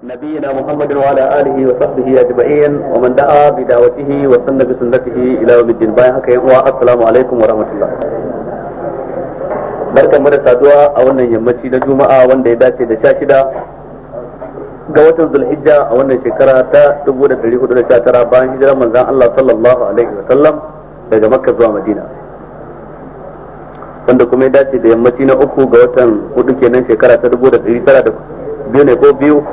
نبينا محمد وعلى اله وصحبه اجمعين ومن دعا بدعوته وسن بسنته الى يوم الدين باي haka yan uwa assalamu alaikum wa rahmatullah barkan da saduwa a wannan yammaci na juma'a wanda ya dace da sha shida ga watan zulhijja a wannan shekara ta 1419 bayan hijirar manzon Allah sallallahu alaihi wa sallam daga makka zuwa madina wanda kuma ya dace da yammaci na uku ga watan hudu kenan shekara ta 1900 biyu ne ko biyu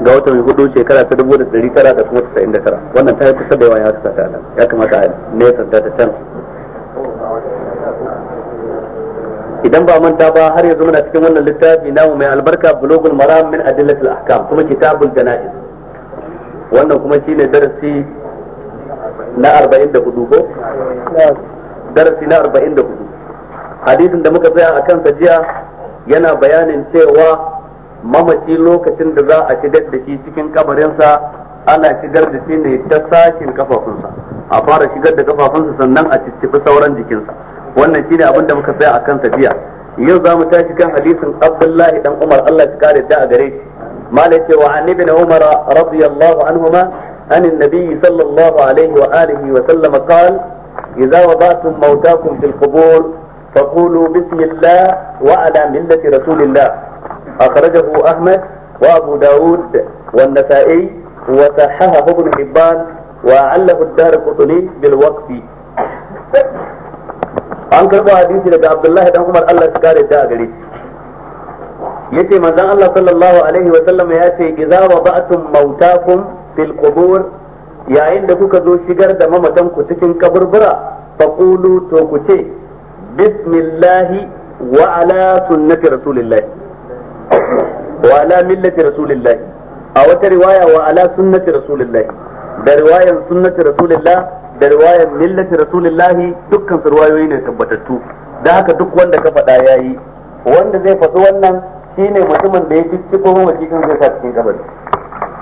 ga watan hudu shekara ta dubu da ɗari tara da kuma tasa'in da tara wannan ta yi kusa da yawa ya kasa ta nan ya kamata a nesa da ta can idan ba manta ba har yanzu muna cikin wannan littafi namu mai albarka bulogul maram min adillatil ahkam kuma kitabul janaiz wannan kuma shine darasi na 44 ko darasi na 44 hadisin da muka tsaya akan sa jiya yana bayanin cewa mamaci lokacin da za a shigar da shi cikin kabarinsa ana shigar da shi ne ta sashin kafafunsa a fara shigar da kafafunsa sannan a ciccifi sauran jikinsa wannan shine abin da muka tsaya akan tafiya yau za mu tashi kan hadisin abdullahi dan umar allah ya kare da a gare shi mala ce wa an ibn umar radiyallahu anhuma an annabi sallallahu alaihi wa alihi wa sallam qala idza wada'tum mawtakum fil فقولوا بسم الله وعلى ملة رسول الله أخرجه أحمد وأبو داود والنسائي وصححه ابن حبان وعله الدار قطني بالوقف an karɓo hadisi daga abdullahi dan umar allah su kare ta a gare yace manzon allah sallallahu alaihi wa sallam ya ce idza wada'tum mautakum fil qubur yayin da kuka zo shigar da mamatan ku cikin kaburbura faqulu to ku ce bismillahi wa ala sunnati rasulillahi Wa'ala ala millati rasulillah a wata riwaya wa ala sunnati rasulillah da riwayan sunnati rasulillah da riwayan millati rasulillah dukkan su riwayoyi ne tabbatattu da haka duk wanda ka fada yayi wanda zai faɗi wannan shine mutumin da ya ci ko macikin zai sa cikin kabari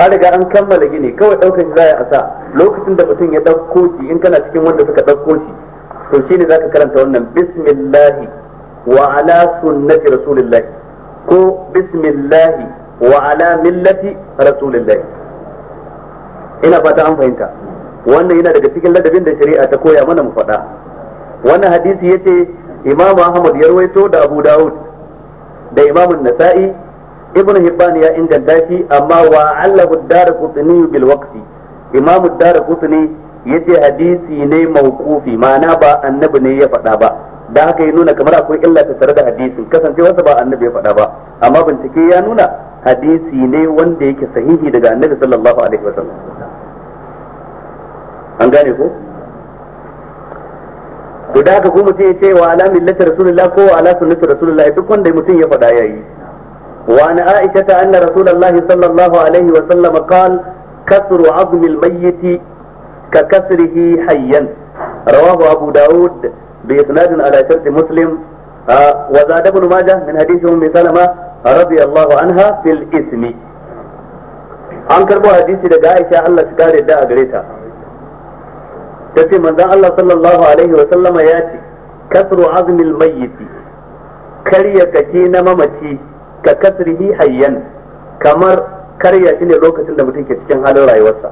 an an kammala gini kawai ɗaukar shi za a sa lokacin da mutum ya ɗauko shi in kana cikin wanda suka ɗauko shi to shine zaka karanta wannan bismillahi wa ala sunnati rasulillahi bismillahi wa'ala ala millati rasulillahi ina fata an fahimta wannan yana daga cikin ladabin da shari'a ta koya mana mu faɗa wannan hadisi yace imam ahmad ya rawaito da abu daud da imam nasa'i ibn hibban ya inganta shi amma wa allahu ad-darqutni bil waqti imam ad-darqutni yace hadisi ne mawqufi ma'ana ba annabi ne ya faɗa ba dan haka ya nuna kamar akwai illa ta tare da hadisin kasancewarsa ba annabi ya faɗa ba amma bincike ya nuna hadisi ne wanda yake sahihi daga annabi sallallahu alaihi wasallam an gane ko to da haka ko mutum ya ce wa ala millati rasulullah ko wa ala sunnati rasulullah duk wanda mutum ya faɗa yayi wa ana aisha ta anna rasulullah sallallahu alaihi wa sallam qal kasru azmi al-mayyit ka kasrihi hayyan rawahu abu daud بإسناد على شرط مسلم وزاد ابن ماجه من حديث أم سلمة رضي الله عنها في الإثم an karbo hadisi daga Aisha Allah ta kare da a gare ta tace manzon Allah sallallahu alaihi wa sallama ya ce kasru azmil mayyit karya kake na mamaci ka kasrihi hayyan kamar karya shi ne lokacin da mutum ke cikin halin rayuwarsa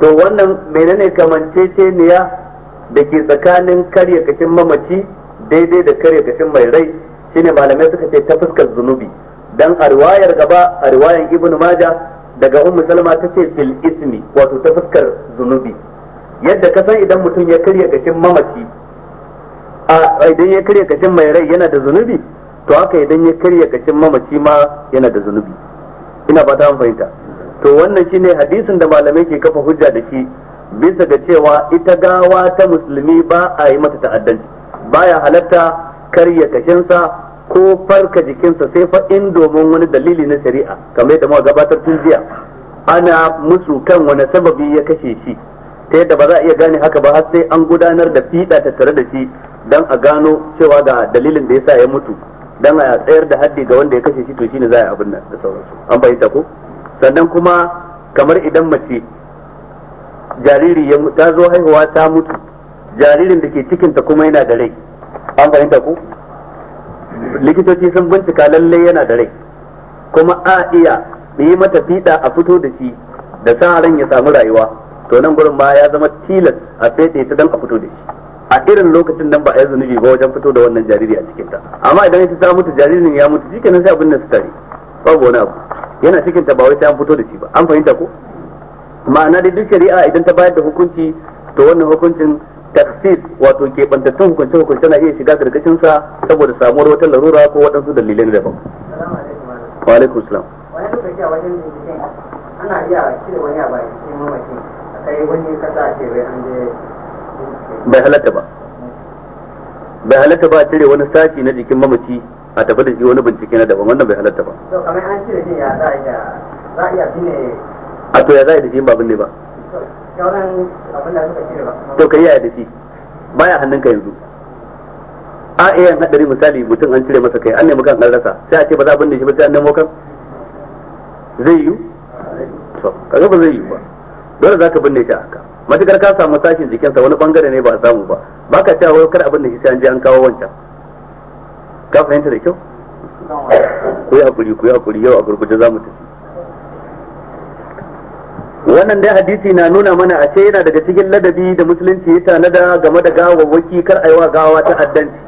to wannan menene kamanceceniya da ke tsakanin karya kashin mamaci daidai da karya kashin mai rai shine malamai suka ce ta fuskar zunubi dan a riwayar gaba a riwayar ibn maja daga ummu salma ta ce fil ismi wato ta fuskar zunubi yadda ka san idan mutum ya karya kashin mamaci a idan ya karya kashin mai rai yana da zunubi to haka idan ya karya kashin mamaci ma yana da zunubi ina ba ta fahimta to wannan shine hadisin da malamai ke kafa hujja da shi bisa ga cewa ita gawa ta musulmi ba a yi mata ta'addanci baya halatta karya kashinsa ko farka jikinsa sai fa in domin wani dalili na shari'a kamar yadda muka gabatar tun jiya ana musu kan wani sababi ya kashe shi ta yadda ba za a iya gane haka ba har sai an gudanar da fiɗa ta tare da shi dan a gano cewa ga dalilin da ya sa ya mutu dan a tsayar da haddi ga wanda ya kashe shi to shine za a yi abin nan da sauransu an fahimta ko sannan kuma kamar idan mace jariri ya ta zo haihuwa ta mutu jaririn da ke cikinta kuma yana da rai an fahimta ku likitoci sun bincika lallai yana da rai kuma a iya yi mata fiɗa a fito da shi da sa ran ya samu rayuwa to nan gurin ma ya zama tilas a fete ta dan a fito da shi a irin lokacin nan ba a yi zunubi ba wajen fito da wannan jariri a cikinta amma idan ita ta mutu jaririn ya mutu shikenan sai abin nan su tare babu wani abu yana cikinta ba wai sai an fito da shi ba an fahimta ko ma'ana da duk shari'a idan ta bayar da hukunci to wannan hukuncin tafsir wato keɓantattun hukunce hukunce na iya shiga karkashin saboda samuwar wata larura ko waɗansu dalilai daban wa alaikum salam wani lokaci a wajen binciken ana iya cire wani abu a cikin mamakin a kai wani kasa a ce bai an je bai halatta ba bai halatta ba a cire wani sashi na jikin mamaci a tafi da shi wani bincike na daban wannan bai halatta ba to kamar an cire shi ya za a iya za a iya a to ya za a da shi ba binne ba to ka yi a da shi hannun ka yanzu a iya yin hadari misali mutum an cire masa kai an nemi kan rasa sai a ce ba za a binne shi ba sai an nemo kan zai yi to kaga ba zai yi ba dole za ka binne shi a haka matukar ka samu sashin jikinsa wani bangare ne ba a samu ba ba ka cewa kar a binne shi sai an je an kawo wancan ka fahimta da kyau ku yi hakuri ku yi hakuri yau a gurguje za mu tafi wannan dai hadisi na nuna mana a ce yana daga cikin ladabi da musulunci ya tanada game da gawawwaki kar a yi wa gawa ta addanci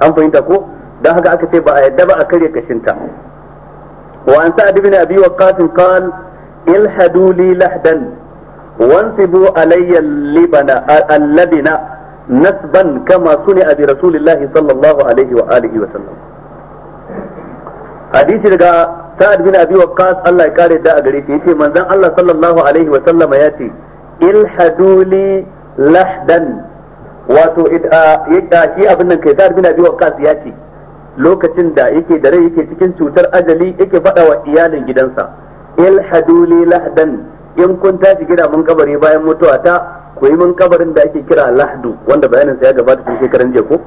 an fahimta ko don haka aka ce ba a yadda ba a karya kashinta wa an sa'ad ibn abi waqqas qal ilhadu li lahdan wansibu alayya libana alladina nasban kama suni abi rasulillahi sallallahu alaihi wa alihi wa sallam hadisi daga sa'ad bin abi waqqas Allah ya kare da a gare shi yace manzon Allah sallallahu alaihi wa sallama yace ilhaduli lahdan wato yadda shi abin nan kai sa'ad bin abi waqqas yace lokacin da yake da rai yake cikin cutar ajali yake fada wa iyalin gidansa ilhaduli lahdan in kun tashi gida mun kabari bayan mutuwa ta ku yi mun kabarin da ake kira lahdu wanda bayanin sa ya gabata cikin shekaran jiya ko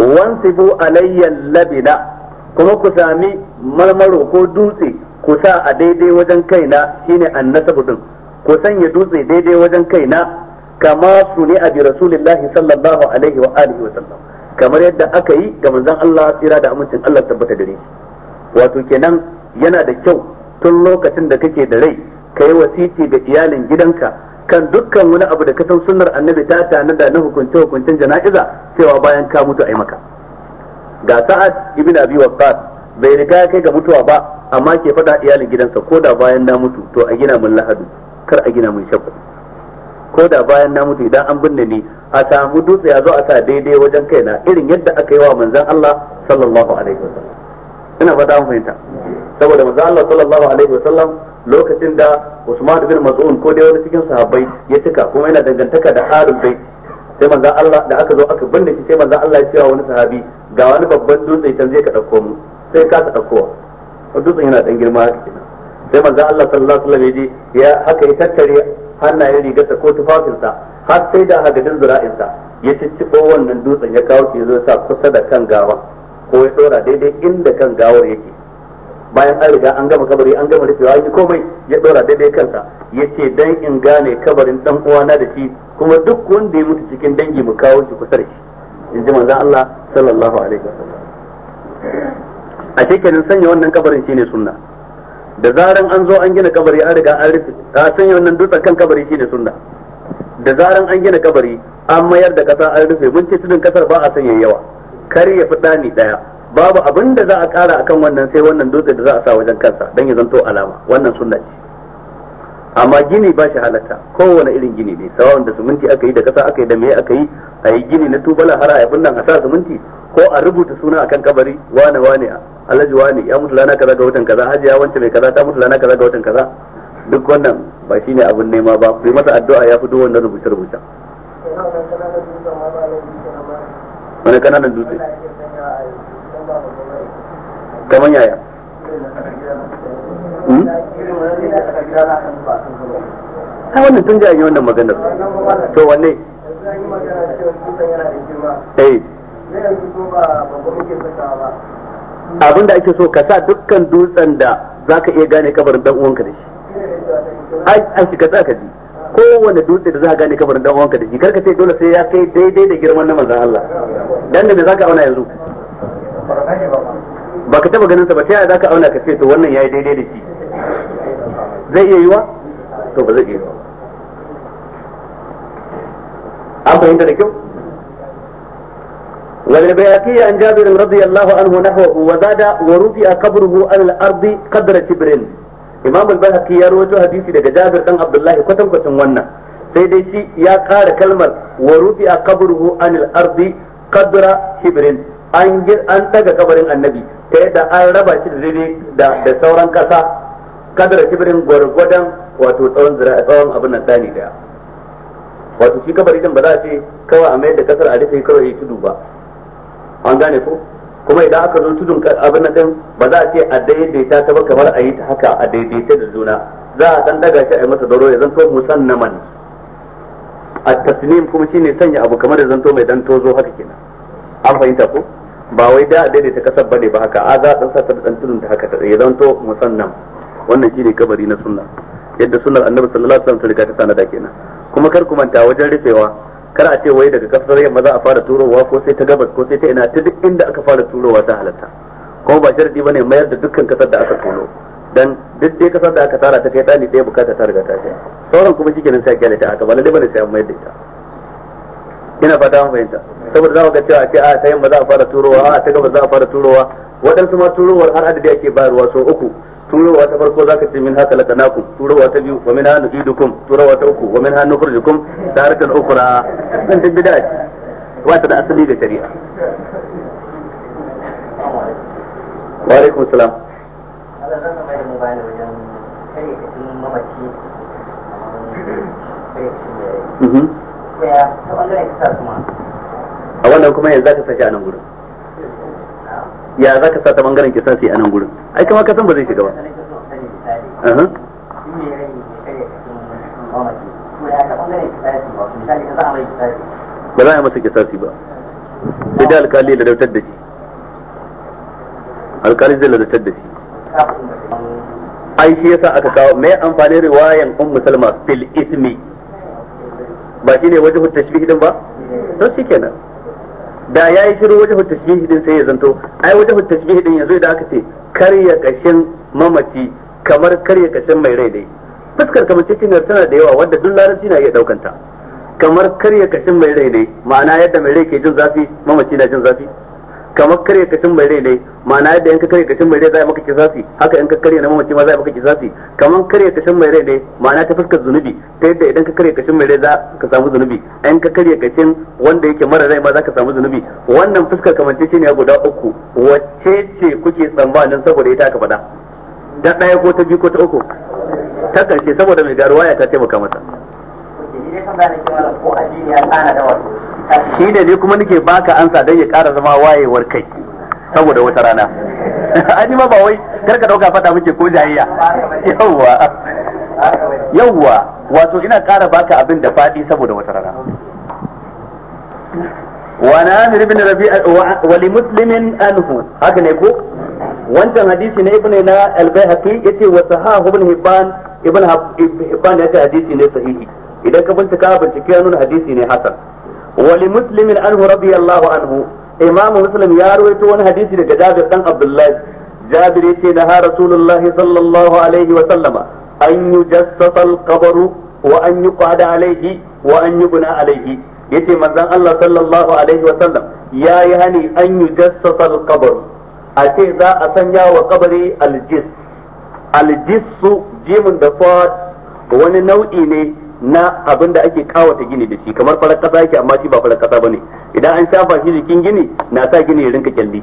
wansibu alayyan labina. kuma ku sami marmaro ko dutse ku sa a daidai wajen kaina shine annasabu din ku sanya dutse daidai wajen kaina kama su ne a bi rasulillahi sallallahu alaihi wa alihi wa sallam kamar yadda aka yi ga manzon Allah tsira da amincin Allah tabbata gare shi wato kenan yana da kyau tun lokacin da kake da rai ka yi wasiti ga iyalin gidanka kan dukkan wani abu da ka san sunnar annabi ta tanada na hukunce hukuncin jana'iza cewa bayan ka mutu a yi maka ga sa'ad ibn abi waqqas bai riga ya kai ga mutuwa ba amma ke fada iyalin gidansa ko da bayan na mutu to a gina mun lahadu kar a gina mun shakku ko da bayan na mutu idan an binne ni a samu dutse a zo a sa daidai wajen kaina irin yadda aka yi wa manzon Allah sallallahu alaihi wasallam ina fada mun fahimta saboda manzon Allah sallallahu alaihi wasallam lokacin da Usman bin Maz'un ko dai wani cikin sahabbai ya cika kuma yana dangantaka da Harun bai sai manzon Allah da aka zo aka binne shi sai manzon Allah ya ce wa wani sahabi ga wani babban dutse can zai ka ɗauko mu sai ka ɗaukowa dutsen yana ɗan girma haka kenan sai manzon Allah sallallahu alaihi wasallam ya ya haka ya tattare hannayen rigarsa ko tufafinsa har sai da hagadin zura'insa ya cicciɓo wannan dutsen ya kawo shi zo sa kusa da kan gawa ko ya ɗora daidai inda kan gawar yake bayan an riga an gama kabari an gama rufewa yi komai ya ɗora daidai kansa ya ce dan in gane kabarin dan uwana da shi kuma duk wanda ya mutu cikin dangi mu kawo shi kusa da shi in ji manzan Allah sallallahu alaihi wasallam a shekarun sanya wannan kabarin shine sunna da zaran an zo an gina kabari an riga an rufe a sanya wannan dutsen kan kabari shine sunna da zaran an gina kabari an mayar da kasa an rufe mun ce tudun kasar ba a sanya yawa kar ya fi ɗani ɗaya babu abin da za a ƙara akan wannan sai wannan dutse da za a sa wajen kansa don ya zanto alama wannan sunna ce amma gini ba shi halatta kowane irin gini ne sawan da suminti aka yi da kasa aka yi da meye aka yi a yi gini na tubala har a yi a sa suminti ko a rubuta suna akan kabari wane wane alhaji wane ya mutu lana kaza ga watan kaza hajiya wance mai kaza ta mutu lana kaza ga watan kaza duk wannan ba shi ne abin nema ba ku yi masa addu'a ya fi wannan rubuce rubuce wani kananan dutse kamar yaya ta hmm? wannan tun jaya wannan maganar to wanne eh. abin da ake so ka sa dukkan dutsen da za ka iya gane kabarin dan uwanka da shi an shiga za ka ji kowane dutse da za ka gane kabarin dan uwanka da shi karka sai dole sai ya kai daidai da girman na mazan Allah dan da za ka auna yanzu ba ka taba ganin sa ba sai za ka auna ka ce to wannan yayi daidai da shi zai iya yiwa to ba zai iya yiwa an fahimta da kyau anhu na hau, رضي الله عنه a وزاد ورفع an على الارض tibirin Imam al البيهقي ya rawaito hadisi daga Jabir dan abdullahi kwatan kwatan wannan sai dai shi ya ƙara kalmar wa a qabruhu anil an qadra hibrin an an daga kabarin annabi ta yadda an raba shi da da sauran ƙasa. kadar kibirin gwargwadon wato tsawon zira tsawon abin nan tsani daya wato shi kabari din ba za a ce kawai a mayar da kasar a rufe kawai yi tudu ba an gane ko kuma idan aka zo tudun abin nan din ba za a ce a daidaita ta ba kamar a yi ta haka a daidaita da juna za a dan daga shi a yi masa doro ya zanto musannaman a tasnim kuma shine sanya abu kamar da zanto mai dan tozo haka kenan an fahimta ko ba wai da a daidaita kasar bane ba haka a za a dan sa ta dan tudun ta haka ya zanto musannan wannan shi ne kabari na sunna yadda sunnar annabi sallallahu alaihi wasallam ta riga ta tanada kenan kuma kar ku manta wajen rufewa kar a ce wai daga kafar yamma za a fara turowa ko sai ta gabas ko sai ta ina ta duk inda aka fara turowa ta halatta kuma ba sharadi bane mayar da dukkan kasar da aka turo dan duk dai kasar da aka tara ta kai tsani ɗaya bukata ta riga ta kai sauran kuma shikenan sai kyale ta aka balle bane sai an mayar da ita ina fata an fahimta saboda za ku ga cewa a ce a ta yamma za a fara turowa a ta gabas za a fara turowa waɗansu ma turowar har adadi ake bayarwa so uku turowa ta farko zaka ce min haka lakanakum turowa ta biyu wa min hanu idukum turowa ta uku wa min hanu furjukum tarikan ukra sun duk bid'a ce ba ta da asali da shari'a wa alaikum salam mhm. a wannan kuma yanzu zaka sake a nan gurin ya za ka sa ta bangaren kisasi a nan gurin ai kama ka san ba zai shiga ba ba za a yi masa kisasi ba sai da alkali da dautar da shi alkali zai ladautar da shi ai shi yasa aka kawo mai amfani riwayan ummu musulma fil ismi ba shine wajhu tashbih din ba to shikenan da ya yi shiru wajen tashbihi din sai ya zanto ai wajen tashbihi din yanzu da aka ce karya kashin mamaci kamar karya kashin mai rai dai fuskar kamar cikiniyar tana da yawa wadda duk larabci na iya daukanta kamar karya kashin mai rai dai ma'ana yadda mai rai ke jin zafi mamaci na jin zafi kamar karya kashin mai rai ne ma'ana yadda in ka karya kashin mai rai za a maka kisasi haka in ka karya na mamaci ma za a maka kisasi kamar karya kashin mai rai ne ma'ana ta fuskar zunubi ta yadda idan ka karya kashin mai rai za ka samu zunubi in ka karya kashin wanda yake mara rai ma za ka samu zunubi wannan fuskar kamance ne guda uku wacce ce kuke tsammanin saboda ita aka faɗa da ɗaya ko ta biyu ko ta uku ta karshe saboda mai garuwa ya ta taimaka masa. Ko addini ya tsana da wasu. shi da ne kuma nake baka ansa don ya kara zama wayewar kai saboda wata rana ani ma ba wai kar ka dauka fada muke ko jayayya yawwa yawwa wato ina kara baka abin da fadi saboda wata rana rabi wa li muslimin anhu haka ne ko wancan hadisi na ibn na al-baihaqi yace wa sahahu ibn hibban ibn hibban yace hadisi ne sahihi idan ka bincika bincike ya hadisi ne hasan wali muslimin anhu radiyallahu anhu imamu muslim ya rawaito wani hadisi daga jabir dan abdullahi jabir yace na ha rasulullahi sallallahu alaihi wa sallama an yujassasa al-qabru wa an yuqada wa alaihi yace manzon Allah sallallahu alaihi wa sallam yayi hani an yujassasa al-qabr a ce za a sanya wa kabari aljis aljisu jimin da fa wani nau'i ne na abin da ake kawata gini da shi kamar farar kasa yake amma shi ba farar kasa bane idan an shafa shi jikin gini na sa gini ya rinka kyalli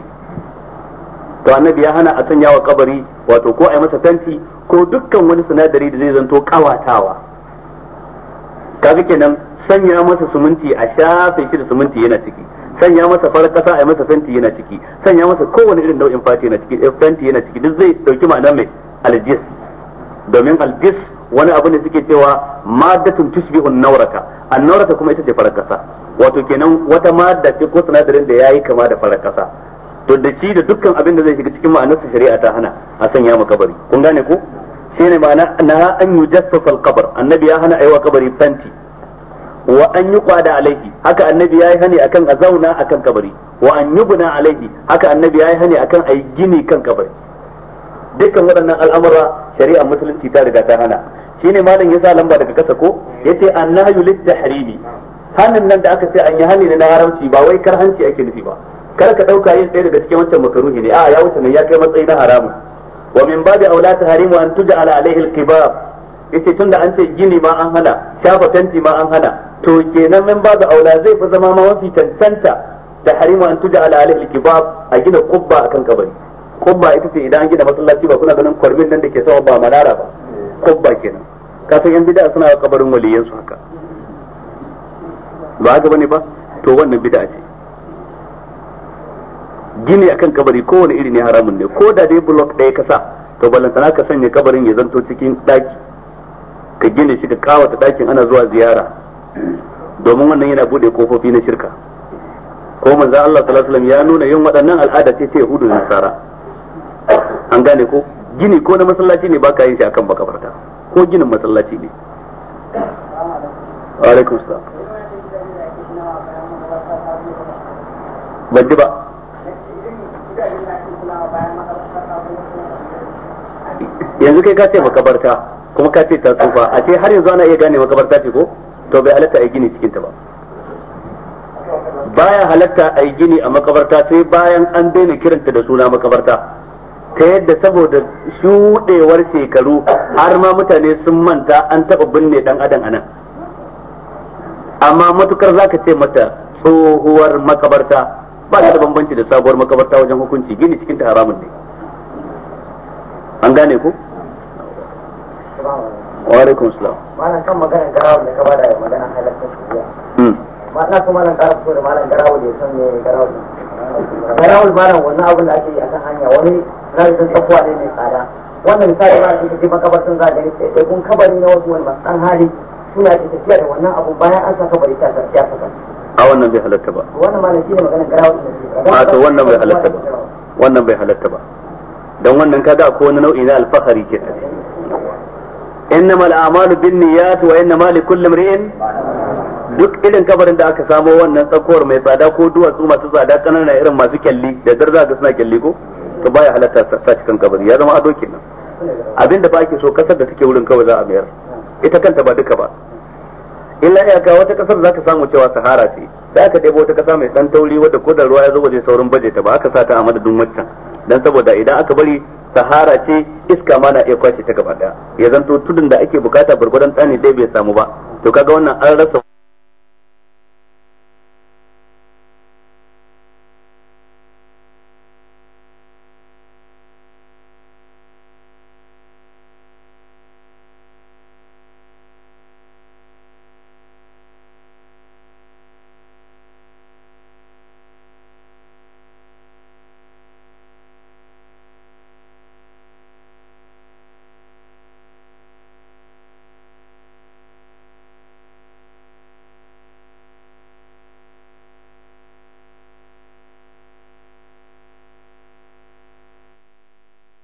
to annabi ya hana a sanya wa kabari wato ko a yi masa tanti ko dukkan wani sinadari da zai zanto kawatawa kaga kenan sanya masa suminti a shafe shi da suminti yana ciki sanya masa farar kasa a yi masa fenti yana ciki sanya masa kowane irin nau'in fati yana ciki eh, fenti yana ciki duk zai dauki ma'ana mai aljis domin aljis wani abu ne suke cewa madatun tushbihun nauraka annaurata kuma ita ce farar kasa wato kenan wata madda ce ko sinadarin da yayi kama da farar kasa to da shi da dukkan abin da zai shiga cikin ma'anarsa shari'a ta hana a sanya mu kabari kun gane ko ne ma'ana na an yujassasa al-qabr annabi ya hana aiwa kabari fanti wa an yi kwada alaihi haka annabi ya yi hani akan a zauna akan kabari wa an yi buna alaihi haka annabi ya yi hani akan a yi gini kan kabari dukkan waɗannan al'amura shari'ar musulunci ta riga ta hana shine malam yasa lamba daga kasa ko yace annahyu lit tahrimi hannun nan da aka ce an yi hani ne na haramci ba wai kar karhanci ake nufi ba kar ka dauka yin ɗaya daga cikin wancan makaruhi ne a ya wuce ne ya kai matsayi na haramun wa min babi aula tahrimu an tuj'ala alaihi al-qibab yace tunda an ce gini ma an hana shafa tanti ma an hana to kenan min babu aula zai fi zama ma mafi tantanta tahrimu an tuj'ala alaihi al-qibab a gina kubba akan kabari kubba ita ce idan an gina masallaci ba kuna ganin kwarmin nan da ke sama ba manara ba kubba kenan ka san yan bid'a suna kabarin waliyan su haka ba haka bane ba to wannan bid'a ce gini akan kabari kowane iri ne haramun ne ko da dai block ɗaya ka sa to ballantana ka sanya kabarin ya zanto cikin ɗaki ka gina shi ka kawata ɗakin ana zuwa ziyara domin wannan yana bude kofofi na shirka ko manzo Allah sallallahu alaihi wasallam ya nuna yin waɗannan al'ada ce ta Yahudu da Nasara an gane ko gini ko na masallaci ne baka yin shi akan makabarta ko ginin masallaci ne alaikum salam ban ba yanzu kai ka ce makabarta kuma ka ce ta tsufa a ce har yanzu ana iya gane makabarta ce ko to bai halatta a yi gini cikin ta ba baya halatta a yi gini a makabarta sai bayan an daina kiranta da suna makabarta ta yadda saboda shuɗewar shekaru har ma mutane sun manta an taɓa binne ɗan adam anan amma matukar zaka ce mata tsohuwar makabarta ba ta da bambanci da sabuwar makabarta wajen hukunci gini cikin ta haramun ne an gane ku wa alaikum salam malam kan magana garawa da ka bada magana halakta shuriya hmm. ma na kuma malam ƙara fito da malam garawa da ya san me garawa barawul malam wannan abin da ake yi a kan hanya wani da rarrakin tsakuwa ne mai tsada wannan misali ma ce je makabartin za a gani sai kun kabari na wasu wani masu ɗan hali suna ke tafiya da wannan abu bayan an sa kabari ta a ta a wannan bai halatta ba wannan malam shi ne maganar garawul da a to wannan bai halatta ba wannan bai halatta ba dan wannan kaga akwai wani nau'i na alfahari ke innama al'amalu bin niyyat wa innama likulli imri'in duk irin kabarin da aka samo wannan tsakowar mai tsada ko duwatsu masu tsada kanana irin masu kyalli da za ga suna kyalli ko to baya halatta sa cikin kabari ya zama ado kenan abinda ba ake so kasar da take wurin kawai za a mayar ita kanta ba duka ba illa iyaka wata kasar za ka samu cewa sahara ce sai aka ɗebo wata kasa mai ɗan tauri wadda ko da ruwa ya zo waje saurin baje ta ba aka sa ta a madadin waccan dan saboda idan aka bari sahara ce iska ma na iya kwace ta gaba daya ya zanto tudun da ake bukata gurgurdan tsani dai bai samu ba to kaga wannan an rasa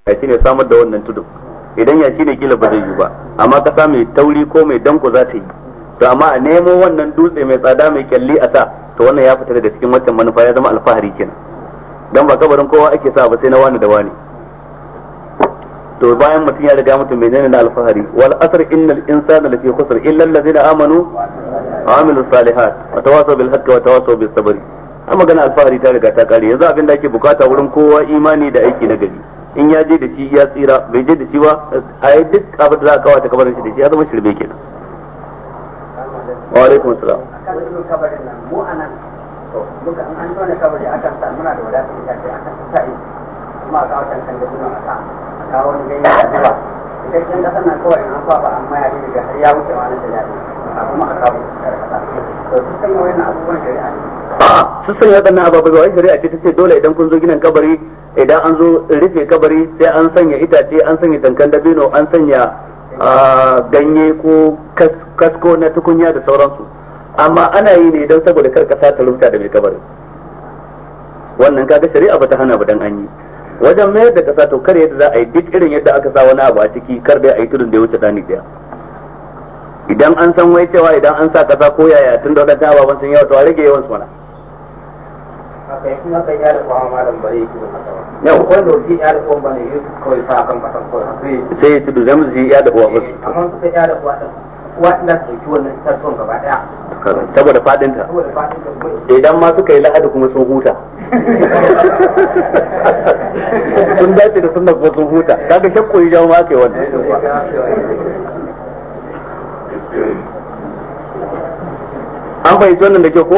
a ne samar da wannan tudun idan ya ne kila ba zai yi ba amma kasa mai tauri ko mai danko za ta yi to amma a nemo wannan dutse mai tsada mai kyalli a sa to wannan ya fita daga cikin wancan manufa ya zama alfahari kenan dan ba kabarin kowa ake sa ba sai na wani da wani to bayan mutum ya riga mutum menene na alfahari wal asr innal insana lafi khusr illa alladhina amanu wa amilu salihat wa tawasaw bil haqqi wa tawasaw bis sabr amma magana alfahari ta riga ta kare yanzu abin da ake bukata wurin kowa imani da aiki na gari in ya je da shi ya tsira bai je da shi ba a yi duk abin da za a kawo ta kabarin shi da shi ya zama shirme ke nan. Wa'alaikum salam kuma a kawo da suna a a kawo wani ganye da zuba kasar na kawai an fa amma ya daga har ya wuce da kuma a kawo kasa to abubuwan shari'a ne su su sanya waɗannan ababai ba wai shari'a ce ta ce dole idan kun zo ginin kabari idan an zo rufe kabari sai an sanya itace an sanya tankan dabino an sanya ganye ko kasko na tukunya da sauransu amma ana yi ne don saboda kar kasa ta rubuta da mai kabarin wannan kaga shari'a bata hana ba dan an yi wajen mayar da kasa to kar yadda za a yi duk irin yadda aka sa wani abu a ciki kar dai a yi tudun da ya wuce dani daya idan an san wai cewa idan an sa kasa ko yaya tun da wadannan ababen sun yawa to a rage yawan su mana haka in haka ya da kuma malam bare shi da haka yau ko da shi ya eh, kuma yi kawai kan kawai sai tudu ba amma da ina wannan gaba daya saboda fadin ta idan ma suka yi lahadi kuma sun huta sun dace da sunnar kuma sun huta kaga ya jawo ma kai eh, wannan an fahimci wannan da kyau ko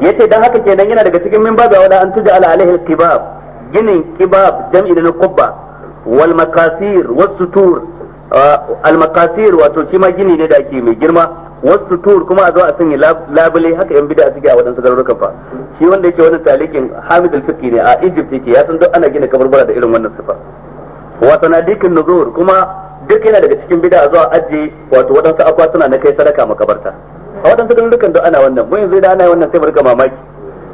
ya ce dan haka kenan yana daga cikin min babu wala an tuja ala alaihi kibab ginin kibab jam'i na qubba wal makasir was sutur ah, al makasir wato shi ma gini ne da ake mai girma was sutur kuma a zo a sanya labule haka yan bid'a suke a wadansu garuruka fa shi wanda yake wannan talikin Hamid al-Fiqi ne a Egypt yake ya san duk ana gina kaburbura da irin wannan sifa wa sanadikin nuzur kuma duk yana daga cikin bid'a zuwa ajiye wato wadansu suna na kai sadaka makabarta a waɗansu garurukan da ana wannan mun yanzu da ana wannan sai mu mamaki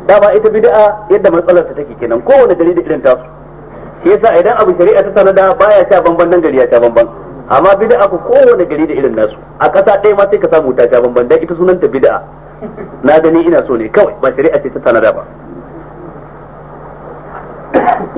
dama ita bid'a yadda matsalar ta take kenan kowane gari da irin tasu shi yasa idan abu shari'a ta sanada baya ta bamban nan gari ya ta bamban amma bid'a ku kowane gari da irin nasu a ƙasa ɗaya ma sai ka samu ta ta bamban dan ita sunanta bid'a na gani ina so ne kawai ba shari'a ce ta sanada ba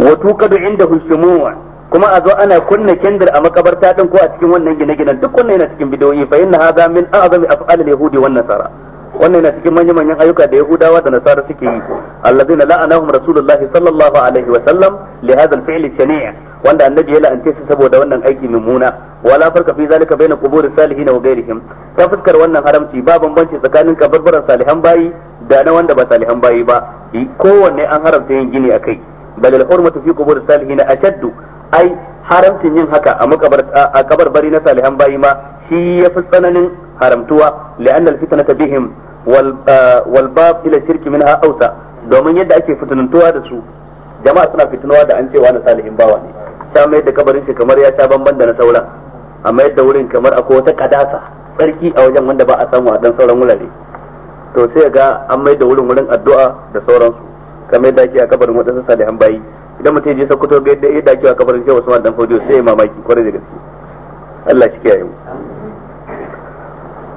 wa tuqadu indahu shumu'a kuma a zo ana kunna kendir a makabarta din ko a cikin wannan gine-ginen duk wannan yana cikin bidoyi fa inna hadha min a'zami af'al al-yahudi wan nasara wannan yana cikin manyan manyan ayyuka da yahudawa da nasara suke yi allazina la'anahum rasulullah sallallahu alaihi wa sallam li hadha al-fi'l shani' wanda annabi ya la'ante su saboda wannan aiki mummuna wala farka fi zalika baina qubur salihin wa ghairihim ta fuskar wannan haramci ba bambanci tsakanin kabarbaran salihan bayi da na wanda ba salihan bayi ba kowanne an haramta yin gini akai bal al-hurmatu fi qubur salihin ashaddu ai haramcin yin haka a makabar a bari na salihan bayi ma shi yafi tsananin haramtuwa li'anna al-fitnata bihim wal wal bab ila shirki minha awsa domin yadda ake fitunantuwa da su jama'a suna fitunawa da an cewa na salihin bawa ne ta mai da kabarin shi kamar ya sha bamban da na sauran amma yadda wurin kamar akwai wata kadasa tsarki a wajen wanda ba a samu a dan sauran wurare to sai ga an mai da wurin wurin addu'a da sauransu kamar yadda ake a kabarin wadansu salihan bayi idan mutum ya je Sokoto ga yadda yadda dace a kabarin Shehu Usman dan Fodio sai mamaki kwarai da gaske Allah shi kiyaye mu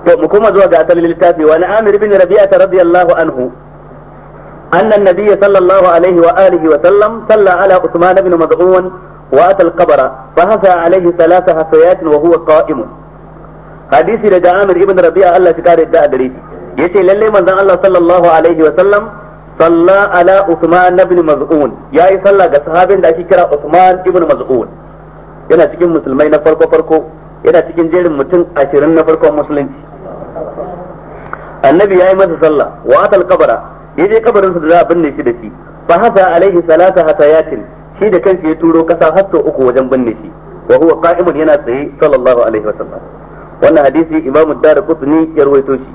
to mu kuma zuwa ga asalin littafi wa Amir ibn Rabi'a radiyallahu anhu أن النبي صلى الله عليه وآله وسلم صلى على عثمان بن مضعون وأتى القبر فهفى عليه ثلاث هفيات وهو قائم hadisi daga Amir ibn Rabi'a Allah shi kare da gare shi yace lalle manzon Allah sallallahu alaihi wa sallam salla ala Uthman ibn Maz'un yayi sallah ga sahabin da ake kira Uthman ibn Maz'un yana cikin musulmai na farko farko yana cikin jerin mutum ashirin na farkon musulunci annabi ya yi masa sallah wa atal ya je kabarin sa da za a binne shi da shi fa hafa alaihi salata hatayatin shi da kansa ya turo kasa har sau uku wajen binne shi wa huwa qa'imun yana tsaye sallallahu alaihi wasallam wannan hadisi imamu Darqutni ya rawaito shi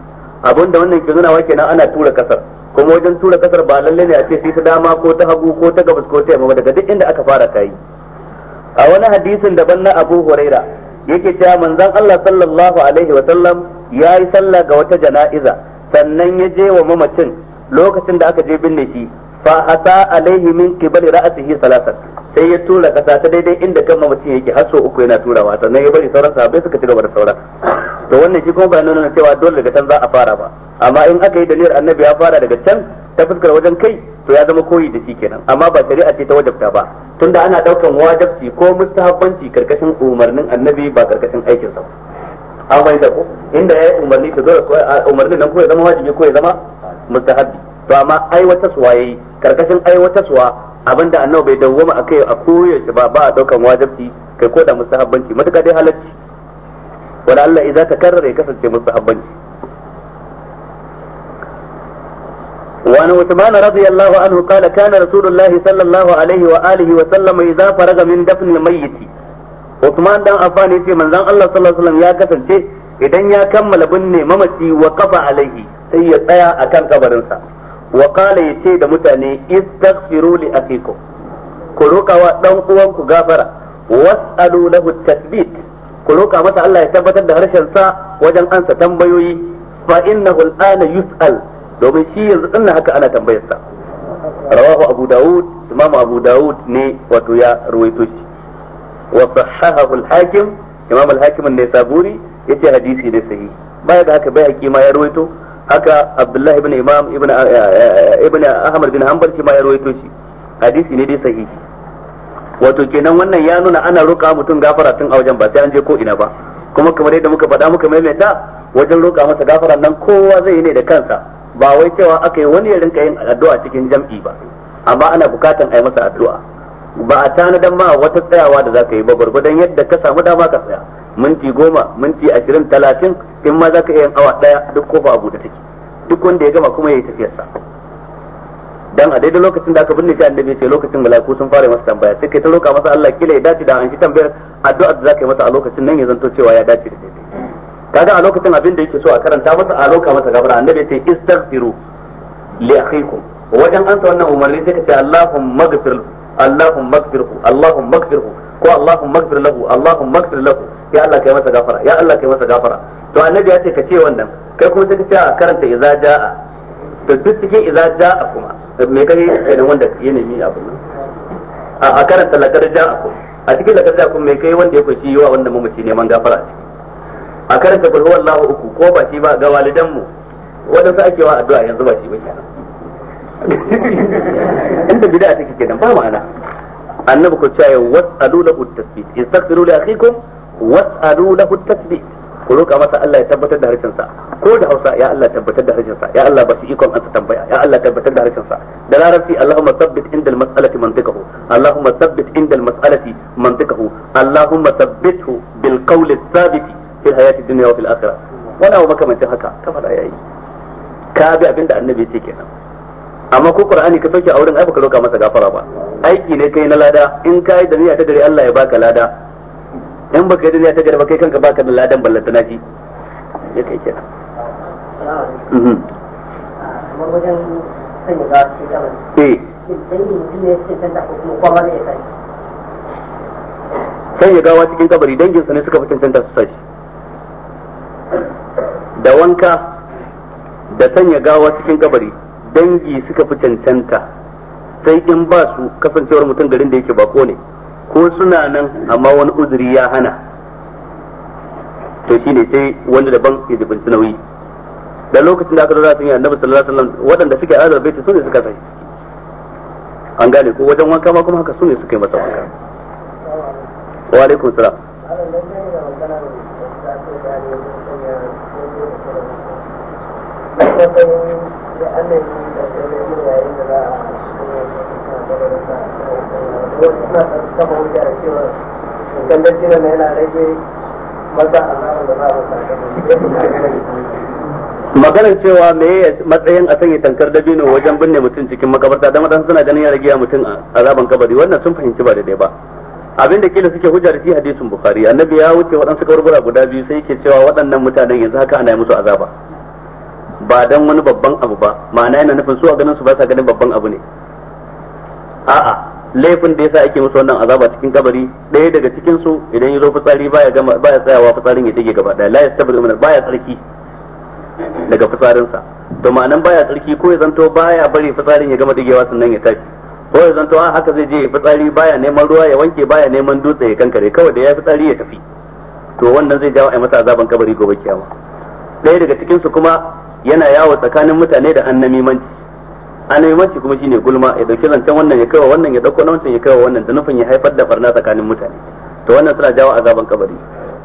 abinda wannan ke nuna wa kenan ana tura kasar kuma wajen tura kasar ba lalle ne a ce ta dama ko ta hagu ko ta gabas ko ta yamma daga duk inda aka fara kai. a wani hadisin daban na Abu Huraira yake cewa manzon Allah sallallahu alaihi wa sallam yayi sallah ga wata jana'iza sannan ya je wa mamacin lokacin da aka je binne shi fa hasa alaihi min kibali ra'sihi salasan sai ya tura kasa ta daidai inda kan mamacin yake har so uku yana turawa sannan ya bari sauran sahabbai suka ci gaba da sauran to wannan shi kuma ba nuna cewa dole daga can za a fara ba amma in aka yi da annabi ya fara daga can ta fuskar wajen kai to ya zama koyi da shi kenan amma ba shari'a ce ta wajabta ba tunda ana daukan wajabci ko mustahabbanci karkashin umarnin annabi ba karkashin aikin sa an bai da ko inda ya yi umarni ta zo umarnin nan ko ya zama wajibi ko ya zama mustahabbi to amma suwa yayi karkashin aiwatar suwa abinda annabi bai dawwama akai a koyaushe ba ba a daukan wajibi kai ko da musahabbanci matuka dai halacci wala Allah idza takarrara ya kasance mustahabbanci وعن عثمان رضي الله عنه قال كان رسول الله صلى الله عليه وآله وسلم إذا فرغ من دفن الميت عثمان دان أفان يتي من الله صلى الله عليه وسلم يا كسن إذا يا كمل بني ممتي وقف عليه wa ya yace da mutane istaghfiru li akikum ku roka wa dan uwanku gafara was'alu lahu tathbit ku roka masa Allah ya tabbatar da harshen sa wajen ansa tambayoyi fa innahu yus' yus'al domin shi yanzu na haka ana tambayar sa rawahu abu Dawud Imam abu Dawud ne wato ya ruwaito shi wa sahahahu al-hakim imam al-hakim ne saburi ce hadisi ne sahihi baya da haka bai kima ya ruwaito haka abdullahi ibn imam ibn eh, eh, ibn ahmad bin hanbal shi ma ya rawaito shi hadisi ne dai sahihi wato kenan wannan ya nuna ana roƙa mutum gafara tun a wajen ba sai an je ko ina ba kuma kamar yadda muka faɗa muka maimaita wajen roƙa masa gafara nan kowa zai yi ne da kansa ba wai cewa aka yi wani ya rinka yin addu'a cikin jam'i ba amma ana bukatan a yi masa addu'a ba a tanadan ma wata tsayawa da za ka yi ba gwargwadon yadda ka samu dama ka tsaya minti goma minti ashirin talatin in ma za ka iya awa ɗaya duk kofa a buɗe take duk wanda ya gama kuma ya yi tafiyarsa dan a daidai lokacin da aka binne shi annabi ce lokacin malaku sun fara masa tambaya sai kai ta roka masa Allah kila ya dace da an shi tambayar addu'a da zaka yi masa a lokacin nan ya zanto cewa ya dace da daidai kaga a lokacin abin da yake so a karanta masa a roka masa gabara annabi sai istaghfiru li akhikum wajen ansa wannan umarni sai ka ce Allahumma maghfir Allahumma maghfirhu Allahumma maghfirhu ko Allahumma maghfir lahu Allahumma maghfir lahu ya Allah kai masa gafara ya Allah kai masa gafara to annabi ya ce ka ce wannan kai kuma sai ka ce a karanta idza jaa to duk cikin idza jaa kuma me kai irin wanda ya nemi abu nan a karanta lakar jaa kuma a cikin lakar jaa kuma me kai wanda ya kushi yawa wanda mamaci neman gafara a karanta kul huwallahu uku ko ba shi ba ga walidan mu wadansu ake wa addu'a yanzu ba shi ba kenan inda bid'a take kenan ba ma'ana annabi ko cewa was'alu lahu at-tasbih istaghfiru li akhikum was'alu lahu tasbih ku roƙa masa Allah ya tabbatar da harshen sa ko da Hausa ya Allah tabbatar da harshen sa ya Allah ba shi ikon ansa tambaya ya Allah tabbatar da harshen sa da larabci Allahumma thabbit inda al-mas'alati mantiqahu Allahumma thabbit inda al-mas'alati mantiqahu Allahumma thabbithu bil qawli thabit fi hayati dunya wa fil akhirah wala wa makamancin haka ka fada yayi ka bi abinda annabi ce kenan amma ko qur'ani ka sauke a wurin ai baka roƙa masa gafara ba aiki ne kai na lada in kai da niyya ta dare Allah ya baka lada in baka yi duniya ta gaba kai kanka baka da ladan ballanta na shi ya kai kenan mhm. eh. sanya gawa cikin kabari dangin su ne suka fi cancanta su sashi da wanka da sanya gawa cikin kabari dangi suka fi cancanta sai in ba su kasancewar mutum garin da yake bako ne ko suna nan amma wani uzuri ya hana to shine sai wanda daban ya jibinci nauyi da lokacin da aka zara sun yi annabi sallallahu alaihi wasallam waɗanda suke azar baiti su ne suka sai an gane ko wajen wanka ma kuma haka su ne suka yi masa wanka wa alaikum salam Thank you. cewa ya maganar cewa me matsayin a sanya tankar dabino wajen binne mutum cikin makabarta dan wadansu suna ganin ya rage mutum a azaban kabari wannan sun fahimci ba daidai ba abin da kila suke hujja da shi hadisin bukhari annabi ya wuce waɗansu kaburbura guda biyu sai yake cewa waɗannan mutanen yanzu haka ana yi musu azaba ba dan wani babban abu ba ma'ana yana nufin su a ganin su ba sa ganin babban abu ne a'a laifin da yasa ake musu wannan azaba cikin kabari ɗaya daga cikin su idan ya zo fitsari baya gama baya tsayawa fitsarin ya dige gaba daya la yastabiru min baya tsarki daga fitsarinsa to ma'anan baya tsarki ko ya zanto baya bari fitsarin ya gama digewa sannan ya tashi ko ya zanto a ah, haka zai je ya fitsari baya neman ruwa ya wanke baya neman dutse ya kankare kawai da ya fitsari ya tafi to wannan zai jawo a masa azaban kabari gobe kiyama ɗaya daga cikin su kuma yana yawo tsakanin mutane da manci a anaimanci kuma shine gulma ya dauki zancen wannan ya kawo wannan ya dauko wancan ya kawo wannan da nufin ya haifar da barna tsakanin mutane to wannan suna jawo azaban kabari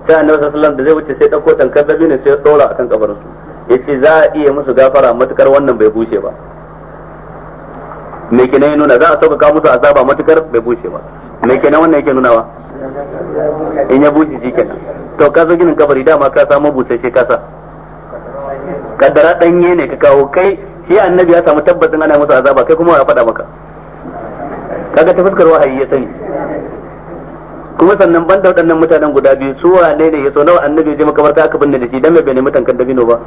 sai annabi sallallahu alaihi wasallam da zai wuce sai dauko tankar zabi ne sai ya tsora akan kabarin su yace za a iya musu gafara matukar wannan bai bushe ba me ke nan nuna za a ka musu azaba matukar bai bushe ba me ke nan wannan yake nuna nunawa in ya bushe shi kenan to ka zo ginin kabari dama ka samu busasshe kasa kaddara danye ne ka kawo kai shi annabi ya samu tabbacin ana masa azaba kai kuma ya faɗa maka kaga ta fuskar wahayi ya sani kuma sannan ban da waɗannan mutanen guda biyu su wane ne ya so nawa annabi ya je makabarta aka binne da shi dan me bai nemi tankan dabino ba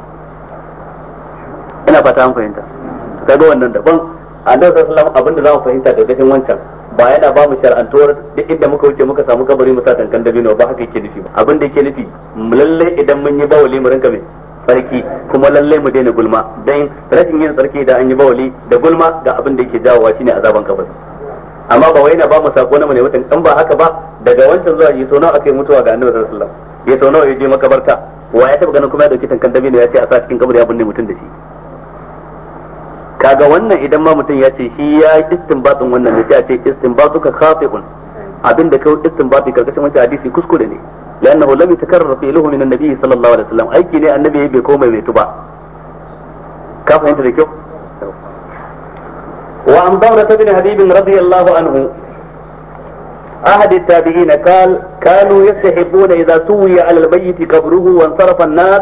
ina fata an fahimta kaga wannan daban annabi sallallahu alaihi wasallam abinda za mu fahimta da gashin wancan ba yana ba mu shar'antuwar duk inda muka wuce muka samu kabari mu sa tankan dabino ba haka yake nufi ba abinda yake nufi lalle idan mun yi ba walimar rinka mai sarki kuma lallai mu daina gulma dan rashin yin sarki da an yi bawali da gulma ga abin da yake jawowa shine azaban kabar amma ba wai na ba mu sako na mu ne mutum in ba haka ba daga wancan zuwa yi nawa akai mutuwa ga annabi sallallahu alaihi wasallam ya sau nawa ya je makabarta wa ya taba ganin kuma ya dauki tankan dabino ya ce a sa cikin kabari ya binne mutum da shi kaga wannan idan ma mutum ya ce shi ya yi istinbatin wannan ne sai a ce istinbatuka khati'un abinda kai istinbati karkashin wancan hadisi kuskure ne لأنه لم يتكرر له من النبي صلى الله عليه وسلم أي كده النبي بيكون بيتبع كيف أنت ذكر وعن ضمرة بن حبيب رضي الله عنه أحد التابعين قال كانوا يستحبون إذا سوي على الميت قبره وانصرف الناس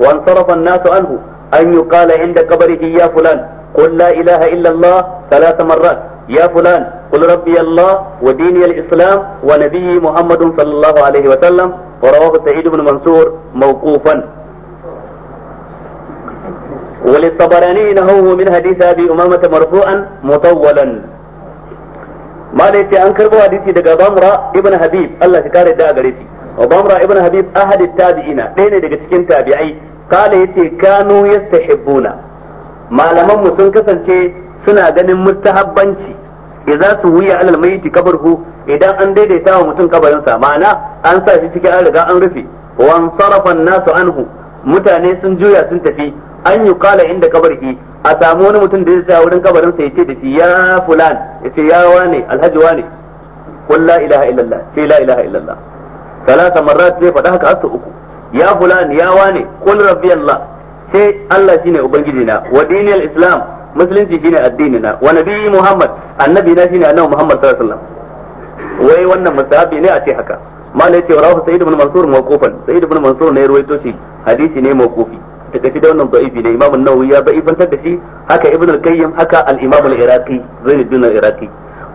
وانصرف الناس عنه أن يقال عند قبره يا فلان قل لا إله إلا الله ثلاث مرات يا فلان قل ربي الله وديني الإسلام ونبي محمد صلى الله عليه وسلم ورواه سعيد بن منصور موقوفا وللطبراني نهوه من حديث أبي أمامة مرفوعا مطولا ما ليس أنكر حديثي دقا بامرا ابن حبيب الله تكاري دا غريتي وبامرا ابن حبيب أحد التابعين لين دقا تكين تابعي قال يتي كانوا يستحبون malaman mu sun kasance suna ganin mustahabbanci idza suwiya alal mayyit qabruhu idan an daidaita wa mutum kabarin sa ma'ana an sa shi cikin an riga an rufe wan sarafa nasu anhu mutane sun juya sun tafi an yi kala inda kabarki a samu wani mutum da zai tsaya wurin kabarin sa yace da shi ya fulan yace ya wane alhaji wane qul la ilaha illallah sai la ilaha illallah talata marrat zai faɗa haka har uku ya fulan ya wane qul rabbi sai allah shine ubangiji na wa dinil islam musulunci shine addini na wa nabi muhammad annabi na shine annabi muhammad sallallahu alaihi wasallam wai wannan musahabi ne a ce haka malai ce rawahu Sayyid ibn mansur mawqufan Sayyid ibn mansur ne ruwaito shi hadisi ne mawqufi daga shi da wannan da'ifi ne imam an-nawawi ya da'ifantar da shi haka ibn al-qayyim haka al-imam al-iraqi zainuddin al-iraqi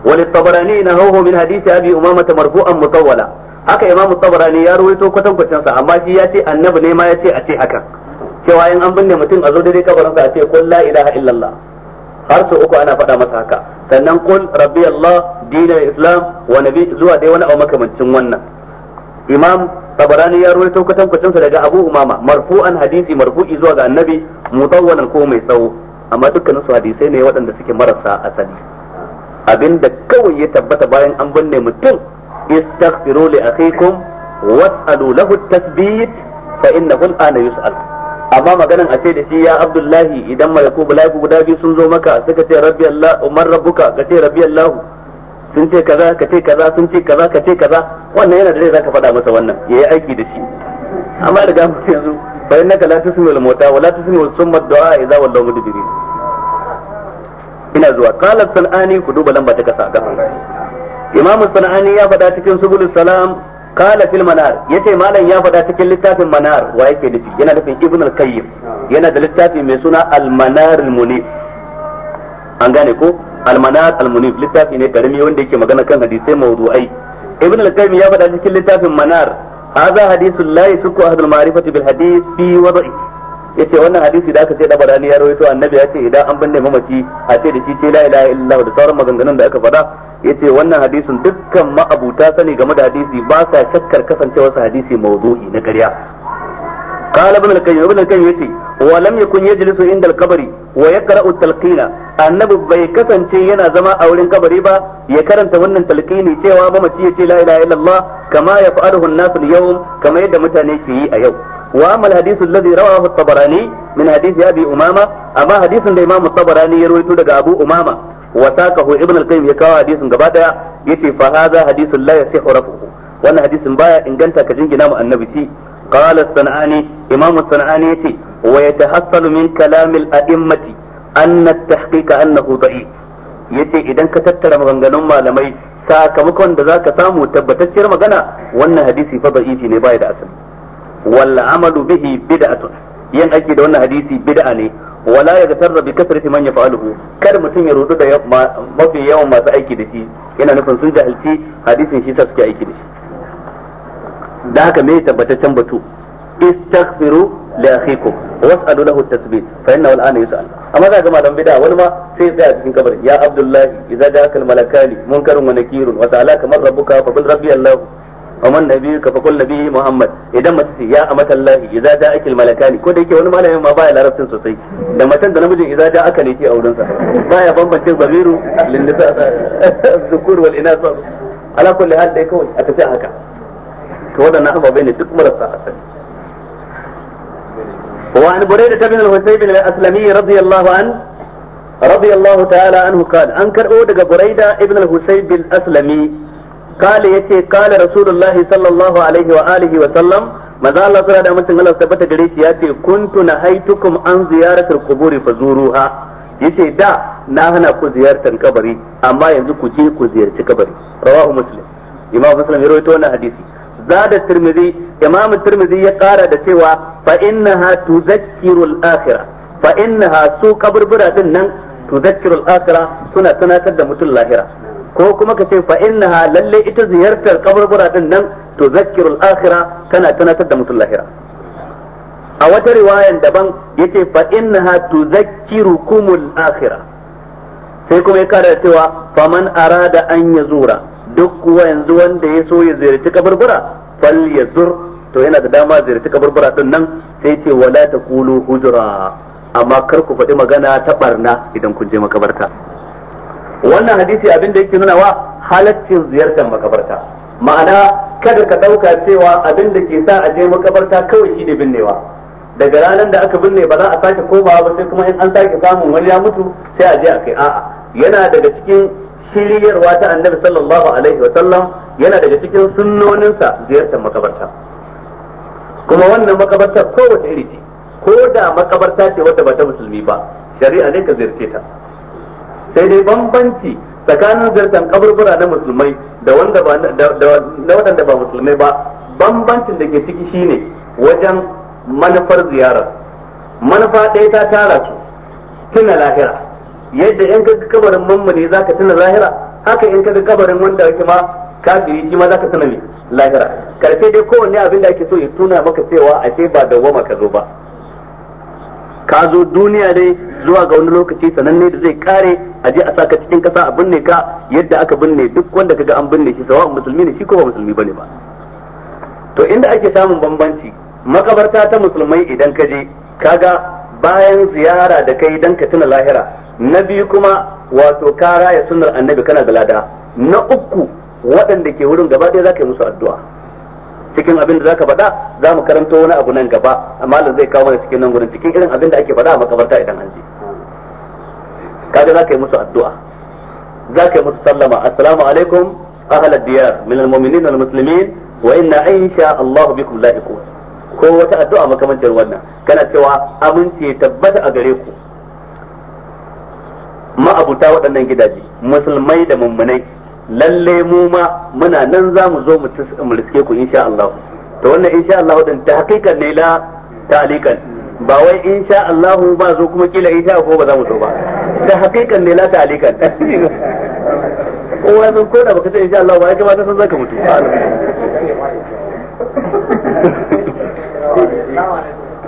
وللطبراني نهوه من حديث ابي امامه مرفوعا مطولا haka imam tabarani ya ruwaito kwatankwacin sa amma shi ya ce annabi ne ma ya ce a ce hakan cewa in an binne mutum a zo daidai kabarinsa a ce qul la ilaha illallah har sau uku ana faɗa masa haka sannan kun rabbi allah dinar islam wa nabi zuwa dai wani abu makamancin wannan imam tabarani ya ruwaito kwatan kwatan sa daga abu umama marfu'an hadisi marfu'i zuwa ga annabi mutawwalan ko mai tsawo amma dukkanin su hadisai ne waɗanda suke marasa asali abinda kawai ya tabbata bayan an binne mutum istaghfiru li akhikum was'alu lahu at-tathbit fa innahu al-ana yus'al amma maganan a ce da shi ya abdullahi idan malaku balaiku guda biyu sun zo maka suka ce rabbi allah umar rabbuka ka ce rabbi allah sun ce kaza ka ce kaza sun ce kaza ka ce kaza wannan yana da zai zaka faɗa masa wannan ya yi aiki da shi amma riga mu yanzu fa innaka la tusmi al mota wa la tusmi al summa du'a idza wallahu mudbirin ina zuwa qala sanani ku duba lamba ta kasa ga imam sanani ya faɗa cikin subul salam kala fil manar yace malam ya faɗa cikin littafin manar wa yake nufi yana nufin ibn al-qayyim yana da littafi mai suna al-manar al-munif an gane ko al-manar al-munif littafi ne karami wanda yake magana kan hadisai mawdu'ai ibn al-qayyim ya faɗa cikin littafin manar hadha hadithul la yasukku ahlul ma'rifati bil hadith fi wada'i yace wannan hadisi da aka ce da barani ya rawaito annabi ya ce idan an binne mamaci a ce da shi ce la ilaha illallah da sauran maganganun da aka faɗa yace wannan hadisin dukkan ma'abuta sani game da hadisi ba sa shakkar kasancewar sa hadisi mawdu'i na ƙarya قال ابن wa ابن القيم يتي ولم يكن يجلس عند القبر ويقرا talkina annabi bai kasance yana zama a wurin kabari ba ya karanta wannan talqini cewa mamaci ya ce la ilaha illallah kama ya fa'aluhu an-nas al-yawm kama yadda mutane ke yi a yau واما الحديث الذي رواه الطبراني من حديث ابي امامه اما حديث ده امام الطبراني يرويته daga abu umama وساقه ابن القيم يكاو حديث gaba daya yace fa hadha hadithun la yasihu rafuhu wannan baya inganta ka jingina mu annabi shi قال الصنعاني امام الصنعاني يتي ويتحصل من كلام الائمه ان التحقيق انه ضعيف yace idan ka tattara maganganun malamai sakamakon da zaka samu tabbatacciyar magana wannan hadisi fa da'ifi ne baya da asali Wala amalu bihi bid'atun yin aiki da wannan hadisi bid'a ne wala yaghtarra bi kasrati man yaf'aluhu kada mutum ya rudu da mafi yawan masu aiki da shi yana nufin sun jahilci hadisin shi sa suke aiki da shi da haka me tabbataccen batu istaghfiru li akhikum was'alu lahu at-tasbih fa innahu al-ana yus'al ga malam bid'a wani ma sai tsaya cikin kabarin ya abdullahi idza ja'aka al-malakani munkarun wa nakirun allah ومن نبيك فقل نبي محمد اذا ما تسي يا امه الله اذا جاءك الملكان ko da yake wani malamin ma baya larabcin sosai da matan da namijin idan da aka ne ke auren sa baya bambance zamiru lin nisa zukur wal inas ala kulli hal dai kawai a tafi haka to wadannan ababai ne duk marasa asali وعن بريدة بن الحسين الأسلمي رضي الله عنه رضي الله تعالى عنه قال أنكر أودك بريدة ابن الحسين الأسلمي kale yace kale rasulullahi sallallahu alaihi wa alihi wa sallam maza Allah sura da mutum Allah tabbata gare shi yace kuntu nahaitukum an ziyaratul quburi fazuruha yace da na hana ku ziyartar kabari amma yanzu ku je ku ziyarci kabari rawahu muslim imam muslim ya rawaito wannan hadisi zada tirmidhi imam tirmidhi ya kara da cewa fa innaha tuzakkirul akhirah fa innaha su kaburbura din nan tuzakkirul akhirah suna tunatar da mutum lahira ko kuma ka ce fa innaha lalle ita ziyartar kaburbura din nan to zakirul akhirah kana tunatar da mutum lahira a wata riwayan daban yace fa innaha tuzakkirukumul akhirah sai kuma ya kara cewa faman arada an yazura duk kuwa yanzu wanda ya so ya ziyarci kaburbura fal yazur to yana da dama ziyarci kaburbura din nan sai ce wala taqulu hujra amma kar ku faɗi magana ta barna idan kun je makabarta wannan hadisi abin da yake nuna wa halaccin ziyartar makabarta ma'ana kada ka dauka cewa abin da ke sa a je makabarta kawai shi ne binnewa daga ranar da aka binne ba za a sake komawa ba sai kuma in an sake samun wani ya mutu sai a je a kai a'a yana daga cikin shiryarwa ta annabi sallallahu alaihi wa sallam yana daga cikin sunnoninsa ziyartar makabarta kuma wannan makabarta kowace iri ce ko da makabarta ce wata ba ta musulmi ba shari'a ne ka ziyarce ta sai dai bambanci tsakanin zartan kaburbura na musulmai da wanda ba na waɗanda ba musulmai ba bambancin da ke ciki shine wajen manufar ziyarar manufa ɗaya ta tara su tuna lahira yadda in kaga kabarin mummuni zaka tuna lahira haka in kaga kabarin wanda yake ma kafiri shi ma zaka tuna lahira karfe dai kowanne abin da ake so ya tuna maka cewa ashe ba dawwama ka zo ba ka zo duniya dai zuwa ga wani lokaci sananne da zai kare a je a saka cikin kasa a binne ka yadda aka binne duk wanda kaga an binne shi sawa musulmi ne shi ko ba musulmi bane ba to inda ake samun bambanci makabarta ta musulmai idan ka je kaga bayan ziyara da kai dan ka tuna lahira na biyu kuma wato ka raya sunnar annabi kana da lada na uku waɗanda ke wurin gaba ɗaya za ka yi musu addu'a cikin abin da zaka faɗa za mu karanto wani abu nan gaba amma zai kawo mana cikin nan gurin cikin irin abin da ake faɗa a makabarta idan an je kaga za ka yi musu addu'a za ka yi musu sallama assalamu alaikum ahlal diyar min almu'minin wal muslimin wa inna insha Allah bikum lahiqun ko wata addu'a makamancin wannan kana cewa aminci tabbata a gare ku ma'abuta waɗannan gidaje musulmai da mummunai lalle mu ma muna nan za mu zo mu riske ku insha Allah to wannan insha Allah din ta hakikan ne la ta'alikan ba wai in sha Allah ba zo kuma kila in sha ko ba za mu zo ba da hakikan ne la ta'alikan kowa sun koda baka ce in sha Allah ba ya kamata san zaka mutu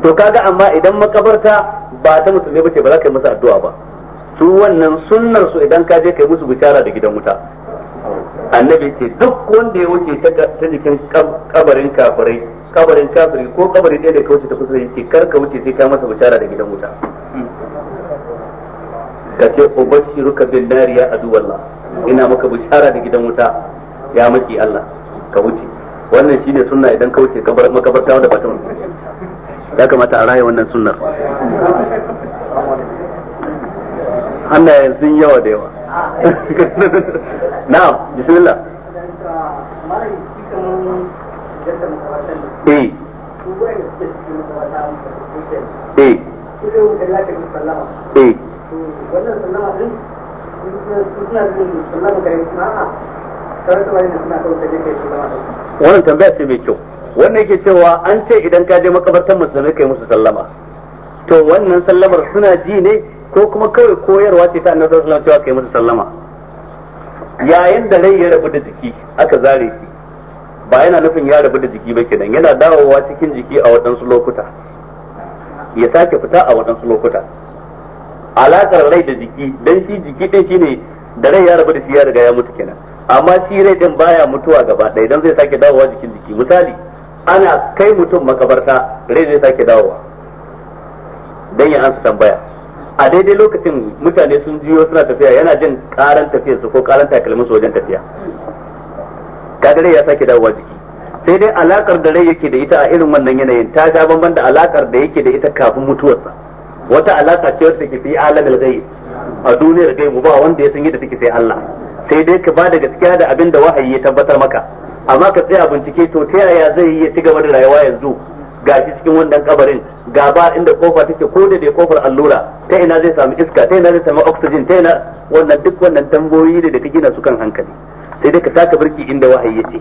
to kaga amma idan makabarta ba ta ne bace ba za ka yi masa addu'a ba su wannan sunnar su idan ka je kai musu bishara da gidan wuta annabi ce duk wanda ya wuce ta jikin kabarin kafirai kabarin kafiri ko kabari ɗaya da ka wuce ta kusa yake kar ka wuce sai ka masa bishara da gidan wuta ka ce ruka bin nariya aduwallah ina maka bishara da gidan wuta ya maki Allah ka wuce wannan shine sunna idan ka wuce kabar makabarta wanda ba ta ya kamata a raya wannan sunnar hannayen sun yawa da yawa na'am bismillah Eh. Eh. Eh. wannan tambaya ce mai kyau wannan yake cewa an ce idan ka je makabartar musulmi kai musu sallama to wannan sallamar suna ji ne ko kuma kawai koyarwa ce ta annabi sallallahu cewa kai musu sallama yayin da rai ya rabu da jiki aka zare shi ba yana nufin ya rabu da jiki ba kenan yana dawowa cikin jiki a waɗansu lokuta ya sake fita a waɗansu lokuta alaƙar rai da jiki don shi jiki din shine da rai ya rabu da shi ya riga ya mutu kenan amma shi rai ɗin baya mutuwa gaba ɗaya dan zai sake dawowa jikin jiki misali ana kai mutum makabarta rai zai sake dawowa don ya ansa tambaya a daidai lokacin mutane sun jiyo suna tafiya yana jin ƙaran tafiyarsu ko takalmin su wajen tafiya kaga ya sake dawowa jiki sai dai alakar da rai yake da ita a irin wannan yanayin ta ga banban da alakar da yake da ita kafin mutuwarsa wata alaka ce wadda take fi alamin ghaib a duniyar gaibu ba wanda ya san yadda take sai Allah sai dai ka ba da gaskiya da abin da wahayi ya tabbatar maka amma ka tsaya bincike to ta yaya zai yi ya ci gaba da rayuwa yanzu gashi cikin wannan kabarin ga ba inda kofa take ko da dai kofar allura ta ina zai samu iska ta ina zai samu oxygen ta ina wannan duk wannan tamboyi da ka gina su kan hankali sai dai ka taka birki inda wahayi ya yace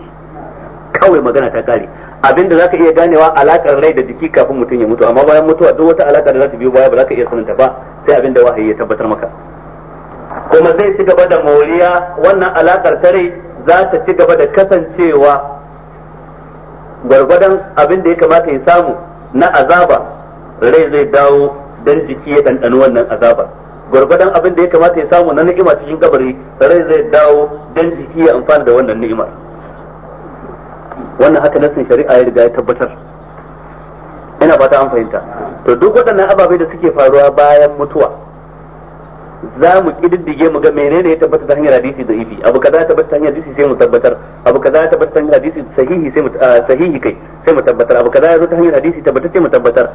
kawai magana ta kare abinda ka iya ganewa alakar rai da jiki kafin mutum ya mutu amma bayan mutuwa duk wata alaka da za ta biyo baya ba za ka iya sananta ba sai abinda wahayi ya tabbatar maka kuma zai ci gaba da moriya wannan alakar ta rai za ta ci gaba da kasancewa gwargwadon abin da ya kamata ya samu na azaba rai zai dawo dan jiki ya ɗanɗano wannan azabar gwargwadon abin da ya kamata ya samu na ni'ima cikin kabari rai zai dawo dan jiki ya amfana da wannan ni'imar wannan haka nasin shari'a ya riga ya tabbatar ina fata an fahimta to duk waɗannan ababai da suke faruwa bayan mutuwa za mu kididdige mu ga menene ya tabbata ta hanyar hadisi da ifi abu kaza ya tabbata ta hanyar hadisi sai mu tabbatar abu kaza ya tabbata ta hanyar hadisi sahihi sai mu ah, sahihi kai sai mu tabbatar abu kaza ya zo ta hanyar hadisi tabbata sai mu tabbatar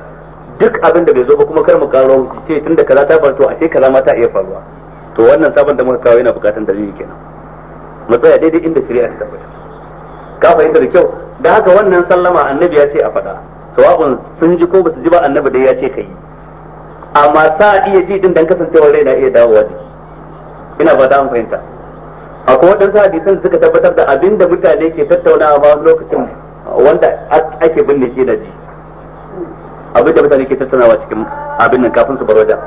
duk abin da bai zo ba kuma kar mu karo ce tunda kaza ta faru to ce kaza ma ta iya faruwa to wannan sabon da muka kawo yana bukatan dalili kenan mu tsaya daidai inda shari'a ta tabbata ka fahimta da kyau da haka wannan sallama annabi ya ce a faɗa sawa'un sun ji ko ba su ji ba annabi dai ya ce kai amma sa iya ji din dan kasancewar rai na iya dawowa jiki ina ba da an fahimta akwai waɗansu hadisan suka tabbatar da abin da mutane ke tattaunawa ba lokacin wanda ake binne shi da ji abin da mutane ke tattaunawa cikin abin nan kafin su bar wajen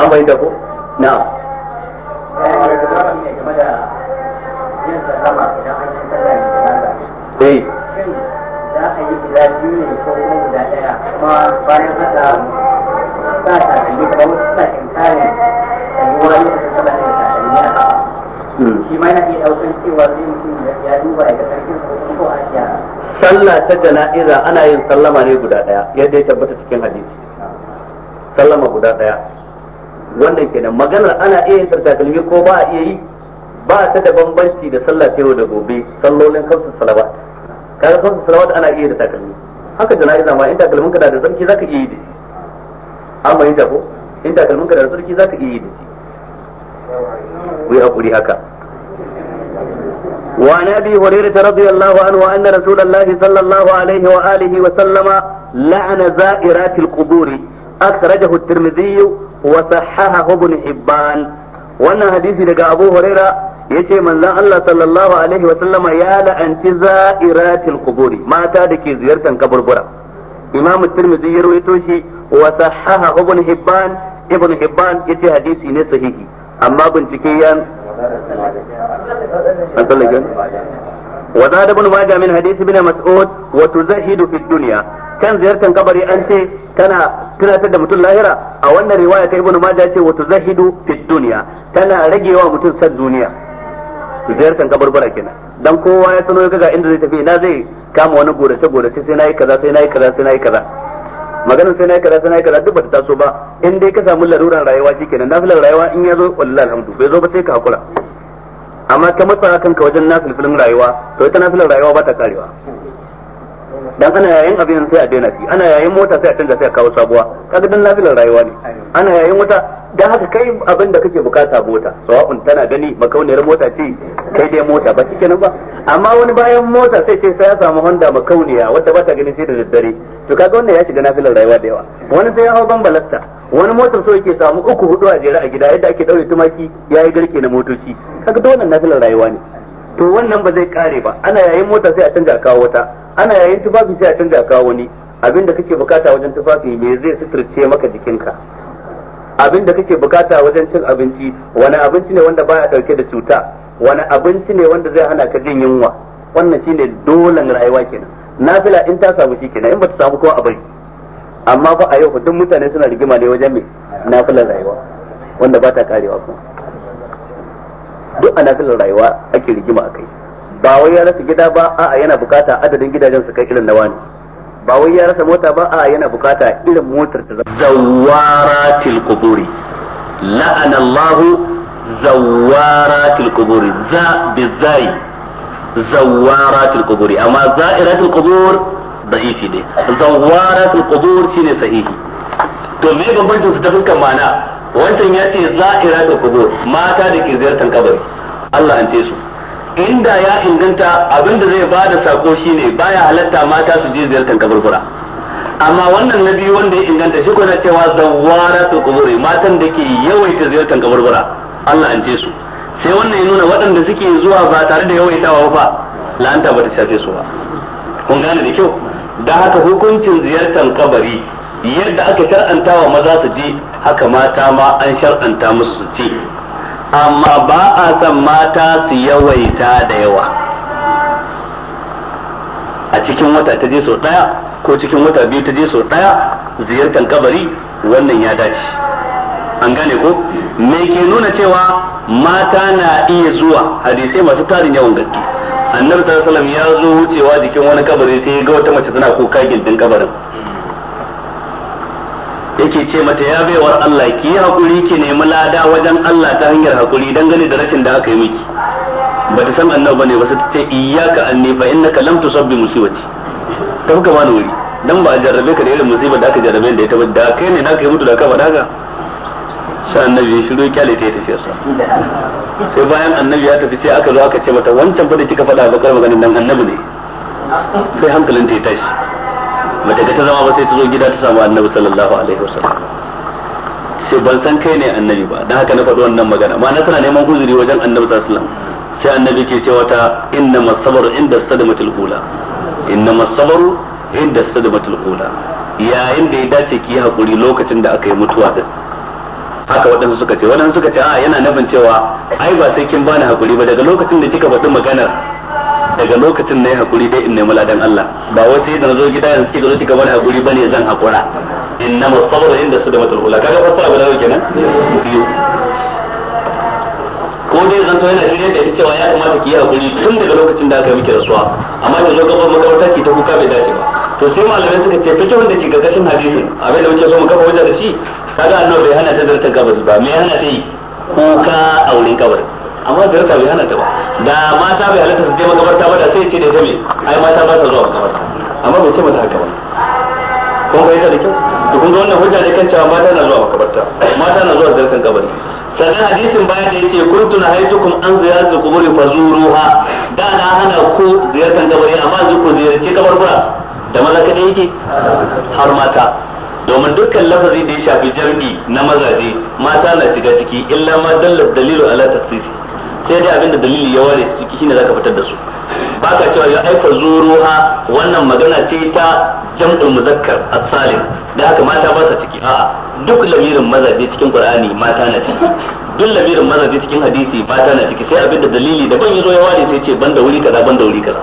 an bai ko na'am eh za yi biyu ne ko yana cewa zai mutum ya duba ya sarkin sallah ta jana'iza ana yin sallama ne guda daya yadda ya tabbata cikin hadisi sallama guda daya wannan kenan maganar ana iya yin takalmi ko ba a iya yi ba ta da bambanci da sallah ta da gobe sallolin kansu salawat kaga kansu salawat ana iya da takalmi haka jana'iza ma in takalmin ka da tsarki zaka iya yi da shi an bayyana ko in takalmin ka da tsarki zaka iya yi da shi ku hakuri haka وعن ابي هريره رضي الله عنه ان رسول الله صلى الله عليه واله وسلم لعن زائرات القبور اخرجه الترمذي وصححه ابن حبان wannan hadisi daga abu huraira yace manzon Allah sallallahu alaihi wa sallama ya la'anci za'iratil quburi mata da ke ziyartar kaburbura imam at-tirmidhi ya rawaito shi wa sahaha ibn hibban ibn hibban yace hadisi ne sahihi amma bincike ya وزاد ابن ماجه من حديث ابن مسعود وتزهد في الدنيا كان زيارة قبري أنت كان تنا تد متن لاهرة أو أن رواية ابن ماجه وتزهد في الدنيا كان رجي ومتن سد دنيا زيارة قبر بركنا dan kowa ya sano ga inda zai tafi ina zai kama wani gorace gorace sai nayi kaza sai nayi kaza sai nayi kaza maganar sai na kaza sai na kaza duk bata taso ba in dai ka samu laruran rayuwa shikenan nafilar rayuwa in ya zo wallahi alhamdu bai zo ba sai ka hakura amma ka matsa kanka wajen nafilfilin rayuwa to ita nafilar rayuwa ba ta karewa dan ana yayin abin sai a daina shi ana yayin mota sai a canza sai a kawo sabuwa kaga dan lafilar rayuwa ne ana yayin wata dan haka kai abin da kake bukata mota sawa'un tana gani makauniyar mota ce kai dai mota ba kike nan ba amma wani bayan mota sai ce sai ya samu Honda makauniya wadda ba ta gani sai da daddare to kaga wannan ya shiga nafilar rayuwa da yawa wani sai ya ban balasta wani motar so yake samu uku hudu a jere a gida yadda ake daure tumaki yayi garke na motoci kaga dole nafilar rayuwa ne to wannan ba zai kare ba ana yayin mota sai a canja a kawo wata ana yayin tufafi sai a canja a kawo wani abinda kake bukata wajen tufafi me zai suturce maka jikinka abinda kake bukata wajen cin abinci wani abinci ne wanda baya dauke da cuta wani abinci ne wanda zai hana ka jin yunwa wannan shine dolan rayuwa kenan nafila in ta samu shi kenan in bata samu kowa a bari amma fa a yau duk mutane suna rigima ne wajen me nafilan rayuwa wanda ba ta karewa kuma duk a nafilar rayuwa ake rigima a kai ba wai ya rasa gida ba a'a yana bukata adadin gidajen su kai irin na wani ba wai ya rasa mota ba a'a yana bukata irin motar ta zama zawaratil quburi la'ana Allah zawaratil quburi za bizai zawaratil quburi amma za'iratul qubur da'ifi ne zawaratil qubur shine sahihi to me bambancin su ta fuskar ma'ana wancan ya ce za a za'ira da kubur mata da ke ziyartar kabari Allah an su inda ya inganta abin da zai bada sako shi ne baya halatta mata su je ziyartar kura amma wannan na biyu wanda ya inganta shi kuna cewa zawara su kuburi matan da ke yawaita ziyartar kura Allah an su sai wannan ya nuna waɗanda suke zuwa ba tare da yawaitawa ba la'anta ba ta shafe su ba kun gane da kyau da haka hukuncin ziyartar kabari yadda aka shar'anta wa maza su ji haka mata ma an shar'anta musu su ci amma ba a san mata su yawaita da yawa a cikin wata ta je sau ɗaya ko cikin wata biyu ta je sau ɗaya ziyartar kabari wannan ya dace an gane ko me ke nuna cewa mata na iya zuwa hadisai masu tarin yawan gaske annabi sallallahu alaihi wasallam ya zo wucewa jikin wani kabari sai ya ga wata mace tana kuka gindin kabarin yake ce mata ya baiwar Allah ki yi hakuri ki nemi lada wajen Allah ta hanyar hakuri dangane da rashin da aka yi miki ta san annabi bane ba sai ta ce iyyaka anni fa innaka lam tusabbi musibati ta fuka bani wuri dan ba a jarrabe ka da irin musibar da aka jarrabe da ita ba da kai ne naka yi mutu da ka faɗa ka sai annabi ya shiru kyale ta yi sa sai bayan annabi ya tafi sai aka zo aka ce mata wancan fa da kika faɗa bakar maganin dan annabi ne sai hankalin ta ya tashi bata ga ta zama ba sai ta zo gida ta samu annabi sallallahu alaihi wasallam sai ban san kai ne annabi ba dan haka na faɗi wannan magana ma na tana neman uzuri wajen annabi sallallahu alaihi wasallam sai annabi ke cewa ta inna masabaru inda sadamatul ula inna masabaru inda sadamatul ula yayin da ya dace ki hakuri lokacin da aka yi mutuwa din haka waɗansu suka ce waɗansu suka ce a yana nabin cewa ai ba sai kin bani hakuri ba daga lokacin da kika faɗi maganar daga lokacin na yi hakuri dai in nemi ladan Allah ba wata yadda na zo gida yanzu kika zo kika bani hakuri ne zan hakura inna masabar inda su da matulula kaga abu guda nawa nan biyu ko dai zan to yana shirye da cewa ya kamata ki yi hakuri tun daga lokacin da aka yi miki rasuwa amma da zo gaban makabarta ki ta kuka bai dace ba to sai malamai suka ce fice wanda ke gagashin hadisin abin da wuce so mu kafa wajen da shi kaga annabi bai hana ta zartar gabas ba me hana ta yi kuka a wurin kabarin amma da raka bai hana ta ba da mata bai halatta su je makabarta ba da sai ce da ita me ai mata ba ta zuwa makabarta amma bai ce mata haka ba kun bai ita da kyau to kun ga wannan hujja ne kan cewa mata na zuwa makabarta mata na zuwa zarkan kabari sannan hadisin bayan da yake kuntu na haitukum an ziyartu kuburi zuruha da na hana ku ziyartar kabari amma yanzu ku ziyarci kabarbura da maza kadai yake har mata domin dukkan lafazi da ya shafi jami'i na mazaje mata na shiga ciki illa ma dallar dalilu ala tafsiri sai dai abinda dalili ya ware su ciki shine zaka fitar da su ba ka cewa ya aika zuruha wannan magana ce ta jam'ul muzakkar as-salim da haka mata ba su ciki a'a duk lamirin mazaje cikin qur'ani mata na ciki duk lamirin mazaje cikin hadisi mata na ciki sai abinda dalili yi yazo ya ware sai ce banda wuri kaza banda wuri kaza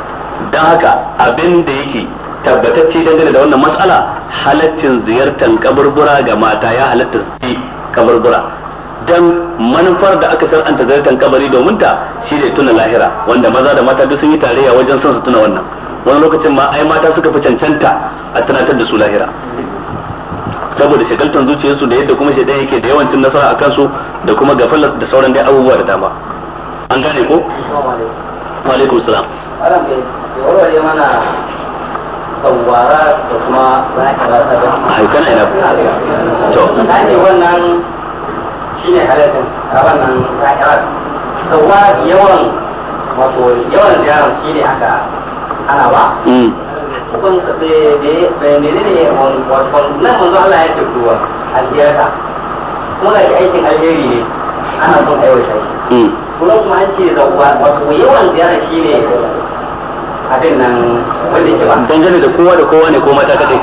dan haka abinda yake tabbatacce dangane da wannan matsala halaccin ziyartar kaburbura ga mata ya halatta su kaburbura dan manufar da aka san anta zartan kabari domin ta shine tuna lahira wanda maza da mata duk sun yi tarayya wajen son su tuna wannan wani lokacin ma ai mata suka fi cancanta a tunatar da su lahira saboda shagaltan zuciyarsu da yadda kuma shaidan yake da yawancin nasara a kansu da kuma gafalar da sauran dai abubuwa da dama an gane ko wa alaikum salam eh, tawara da kuma a kana ina to wannan shi ne halittar nan zahirar sauwa yawan wato yawan shi ne aka ana ba hukun tsaye ne wato nan ya ce kuwa kuma da aikin alheri ne ana son aiwata shi mm. kuma kuma an ce zauwa wato yawan shi ne abin nan da kowa da kowa ne ko mata kadai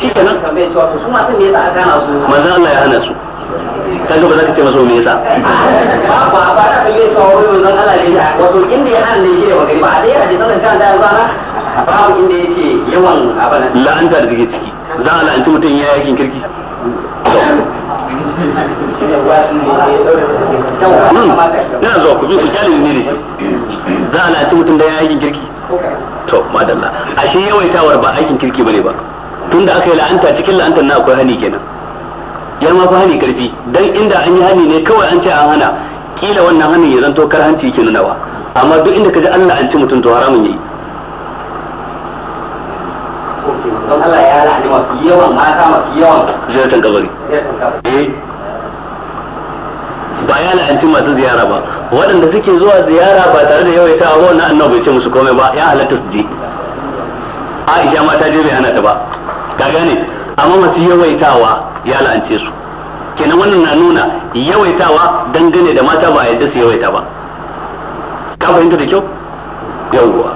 shi kenan kan bai cewa su masu ne za a gana su manzo Allah ya hana su kaga ba za ka ce masa me yasa ba ba da kalle ka wani mun san Allah ne wato inda ya halle shi da magari ba a dai hadisi sanan kan da zana babu inda yake yawan abana la'anta da take ciki za a la'anci mutum ya yakin kirki Yana hmm. zuwa ku bi ku kyalin ne da shi za a la'anci mutum da ya yakin kirki to madalla ashe yawaitawar ba aikin kirki bane ba tunda aka yi la'anta cikin la'antar na akwai hani kenan yar ma fa hani karfi dan inda an yi hani ne kawai an ce an hana kila wannan hani ya zanto kar hanci yake nunawa amma duk inda kaji Allah an ci mutum to haramun yayi don Allah ya rahani masu yawan mata masu yawan ziyartar kabari eh. ba ya la'anci masu ziyara ba waɗanda suke zuwa ziyara ba tare da yawaita a wannan annabi bai ce musu komai ba ya halatta su je Aisha ma ta je bai hana ta ba ka gane amma masu yawaitawa ya la'ance su kenan wannan na nuna yawaitawa dangane da mata ba yadda su yawaita ba ka fahimta da kyau yawwa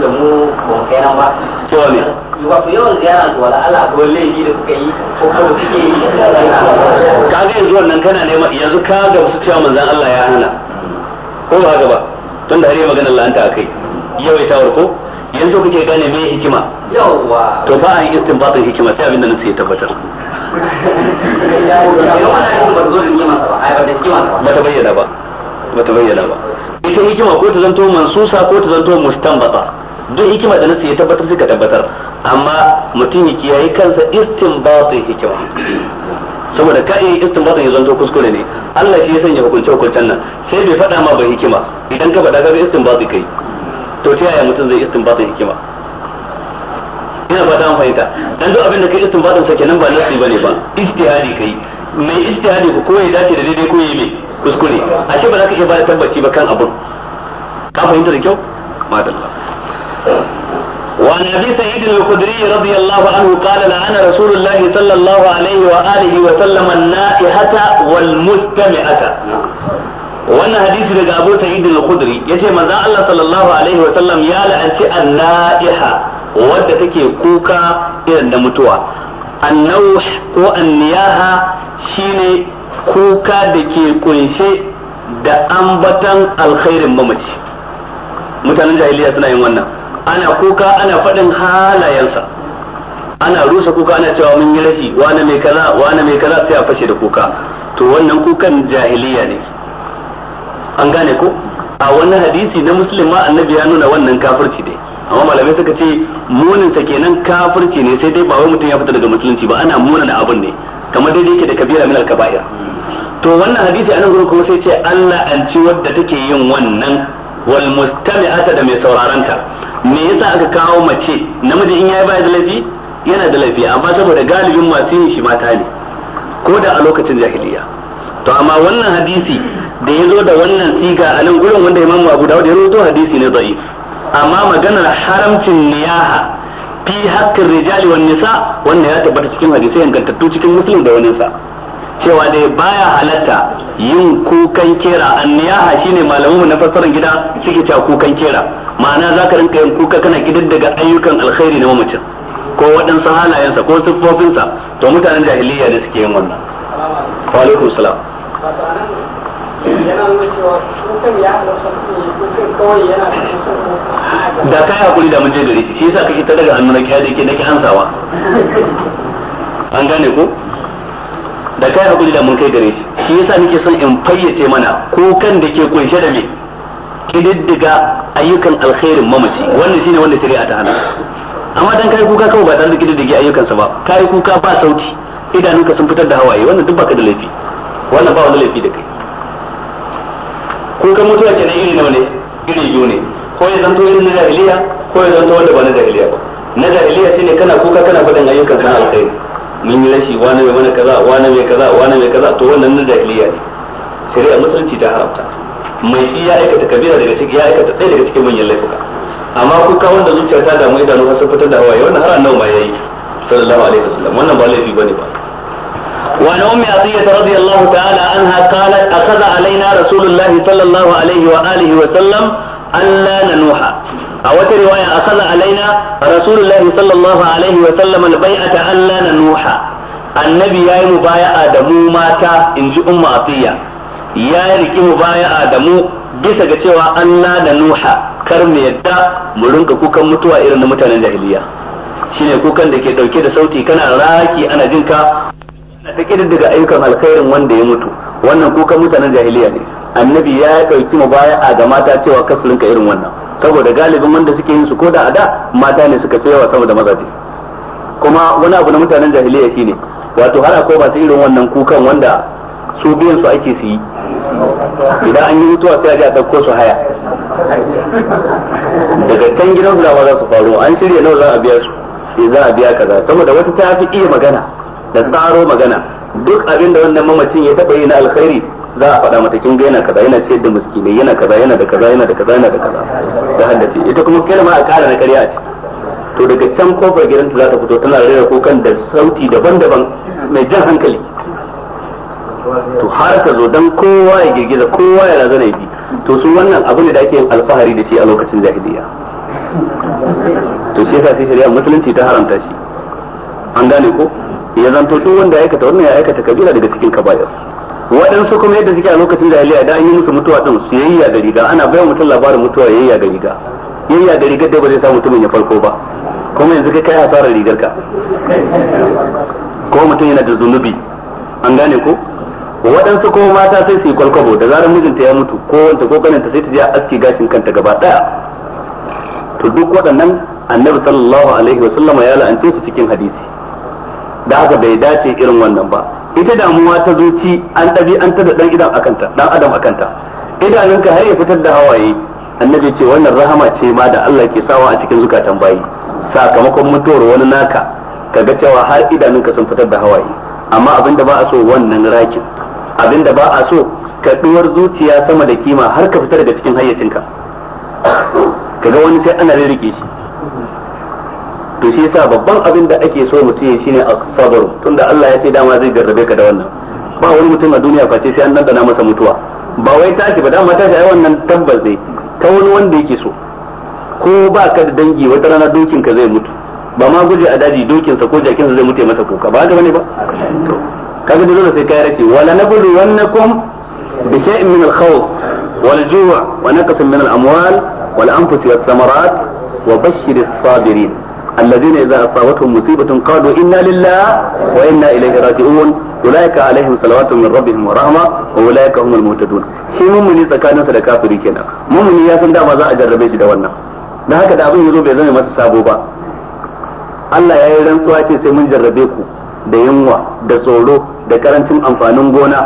da mu ba kai nan ba. Cewa ne? da Ka ga yanzu wannan kana nema yanzu ka ga su cewa Allah ya hana. Ko ba ba? da har yi magana Allah an kai. yawaitawar ko yanzu kuke gane me hikima to ba a yi istinbatin hikima sai abinda nan sai tabbatar bata bayyana ba bata bayyana ba ita hikima ko ta zanto mansusa ko ta zanto mustanbata duk hikima da nasu ya tabbatar suka tabbatar amma mutum ya kiyaye kansa istinbatin hikima saboda ka yi istinbatin ya zanto kuskure ne Allah shi ya sanya hukunce hukuncen nan sai bai faɗa ma ba hikima idan ka faɗa ka ga istinbatin kai to ta yaya mutum zai istinbatin hikima ina ba ta fahimta dan duk abin da kai istinbatin sa kenan ba nasi bane ba ijtihadi kai mai ijtihadi ko ya dace da daidai ko yayi mai kuskure ashe ba za ka iya ba tabbaci ba kan abun ka fahimta da kyau madalla وعن ابي سعيد الخدري رضي الله عنه قال لعن رسول الله صلى الله عليه واله وسلم النائحه والمستمعه wannan hadisi daga Abu Sa'id al-Khudri yace manzon Allah sallallahu alaihi wa sallam ya la'anci an-na'iha wadda take kuka irin da mutuwa annauh ko niyaha shine kuka da ke kunshe da ambatan alkhairin mamaci mutanen jahiliya suna yin wannan ana kuka ana faɗin halayensa ana rusa kuka ana cewa mun yi rashi wani mai kaza wani mai kaza sai a fashe da kuka to wannan kukan jahiliya ne an gane ko a wannan hadisi na muslim ma annabi ya nuna wannan kafirci ne amma malamai suka ce munin sa kenan kafirci ne sai dai ba wai mutum ya fita daga musulunci ba ana munana abin ne kamar dai yake da kabira min al-kaba'ir to wannan hadisi anan gurin kuma sai ce Allah an ci wadda take yin wannan wal mustami'ata da mai sauraronta me yasa aka kawo mace namiji in yayi ba da laifi yana da laifi amma saboda galibin masu yin shi mata ne ko da a lokacin jahiliya to amma wannan hadisi da ya zo da wannan siga a nan gurin wanda imamu abu dawud ya rawaito hadisi ne da'if amma maganar haramcin niyaha fi haƙƙin rijali wan nisa wanda ya tabbata cikin hadisi yankantattu cikin muslim da wani sa cewa dai baya halatta yin kukan kera niyaha shine malamu na fassarar gida suke cewa kukan kera ma'ana zaka rinka yin kuka kana daga ayyukan alkhairi na mamacin ko waɗansu halayensa ko siffofinsa to mutanen jahiliya ne suke yin wannan wa alaikum salam da nuna cewa ya da kai hakuri da mun je gari shi yasa kake ta daga hannu na kiyaye ke nake hansawa an gane ko da kai hakuri da mun kai gare shi shi yasa nake son in fayyace mana ko kan da ke kunshe da me kididdiga ayyukan alkhairin mamaci wannan shine wanda a ta hana amma dan kai kuka kawai ba dan da kididdige ayyukansa ba kai kuka ba sauti idanunka sun fitar da hawaye wannan duk baka da laifi wannan ba wani laifi da kai kukan mutuwa kenan iri nawa ne iri biyu ne ko ya zanto irin na jahiliya ko ya zanto wanda ba na jahiliya ba na jahiliya shine kana kuka kana faɗin ayyukan kana alkhairi mun yi rashi wani mai mana kaza wani mai kaza wani mai kaza to wannan na jahiliya ne shari'a musulunci ta haramta mai shi ya aikata kabila daga ciki ya aikata ɗaya daga cikin manyan laifuka amma kuka wanda zuciya ta damu idanu har sun fitar da hawaye wannan har nawa ma yayi sallallahu alaihi wasallam wannan ba laifi bane ba وعن أم عطية رضي الله تعالى عنها قالت أخذ علينا رسول الله صلى الله عليه وآله وسلم ألا ننوح أو رواية أخذ علينا رسول الله صلى الله عليه وسلم البيعة ألا ننوح النبي يا yi mubaya'a da إن mata in ji umma atiya ya riki mubaya'a da mu bisa ga cewa Allah da Nuha kar mu yadda mu shine kukan da ke dauke da sauti kana raki ana jinka da daga ayyukan alkhairin wanda ya mutu wannan kukan mutanen jahiliya ne annabi ya dauki mu baya a ga mata cewa ka irin wannan saboda galibin wanda suke yin su ko da ada mata ne suka fi yawa sama da mazaje kuma wani abu na mutanen jahiliya shine wato har akwai su irin wannan kukan wanda su biyan su ake su yi idan an yi mutuwa sai a ji a ɗauko su haya daga can gidan su dama za su faru an shirya nawa za a biya su sai eh, za a biya kaza saboda wata ta fi iya magana da tsaro magana duk abin da wannan mamacin ya taba yi na alkhairi za a faɗa mata kin ga yana kaza yana ce da yana kaza yana da kaza yana da kaza yana da kaza ta haddace ita kuma ma a ƙara na ƙarya ce to daga can kofar gidanta za ta fito tana rera kukan da sauti daban-daban mai jan hankali to har ta zo dan kowa ya girgiza kowa ya razana bi to su wannan abu ne da ake yin alfahari da shi a lokacin jahiliya to shi yasa sai shari'a musulunci ta haramta shi an gane ko ya zanto duk wanda ya aikata wannan ya aikata kabila daga cikin kabayar waɗansu kuma yadda suke a lokacin jahiliya idan an yi musu mutuwa din su yayya ya riga ana bayan mutum labarin mutuwa yayya da riga yayya ya rigar da ba zai sa mutumin ya farko ba kuma yanzu kai a hasarar rigar ka ko mutum yana da zunubi an gane ko waɗansu ko mata sai su yi kwalkwabo da zarar mijinta ya mutu ko wanta ko ganinta sai ta je a aski gashin kanta gaba ɗaya to duk waɗannan annabi sallallahu alaihi wa sallama ya la'ance su cikin hadisi da haka bai dace irin wannan ba ita damuwa ta zuci an ɗabi an da dan idan akanta dan adam akanta idanunka har ya fitar da hawaye annabi ce wannan rahama ce ma da Allah ke sawa a cikin zukatan bayi sakamakon mutuwar wani naka kaga cewa har idanunka sun fitar da hawaye amma abinda ba a so wannan rakin abinda ba a so kaduwar zuciya sama da kima har ka fitar daga cikin hayyacinka kaga wani sai ana rirrike shi to shi yasa babban abin da ake so mutum ya shine sabaru tunda Allah ya ce dama zai jarrabe ka da wannan ba wani mutum a duniya face sai an dandana masa mutuwa ba wai tashi ba dama tashi ai wannan tabbas dai ta wani wanda yake so ko ba ka da dangi wata rana dokin ka zai mutu ba ma guje a daji dokin sa ko jakin sa zai mutu ya masa kuka ba haka bane ba ka ga dole sai ka rashi wala nabulu wannakum bi shay'in min al-khawf wal ju'a wa naqsin min al-amwal wal anfusi was-samarat wa bashshir as-sabirin الذين إذا أصابتهم مصيبة قالوا إنا لله وإنا إليه راجعون أولئك عليهم صلوات من ربهم ورحمة وأولئك هم المهتدون shi mummuni da kafiri ya san dama za jarrabe shi da wannan da haka da abin yazo bai zama masa sabo ba Allah ya yi rantsuwa ce sai mun jarrabe ku da yunwa da tsoro da karancin amfanin gona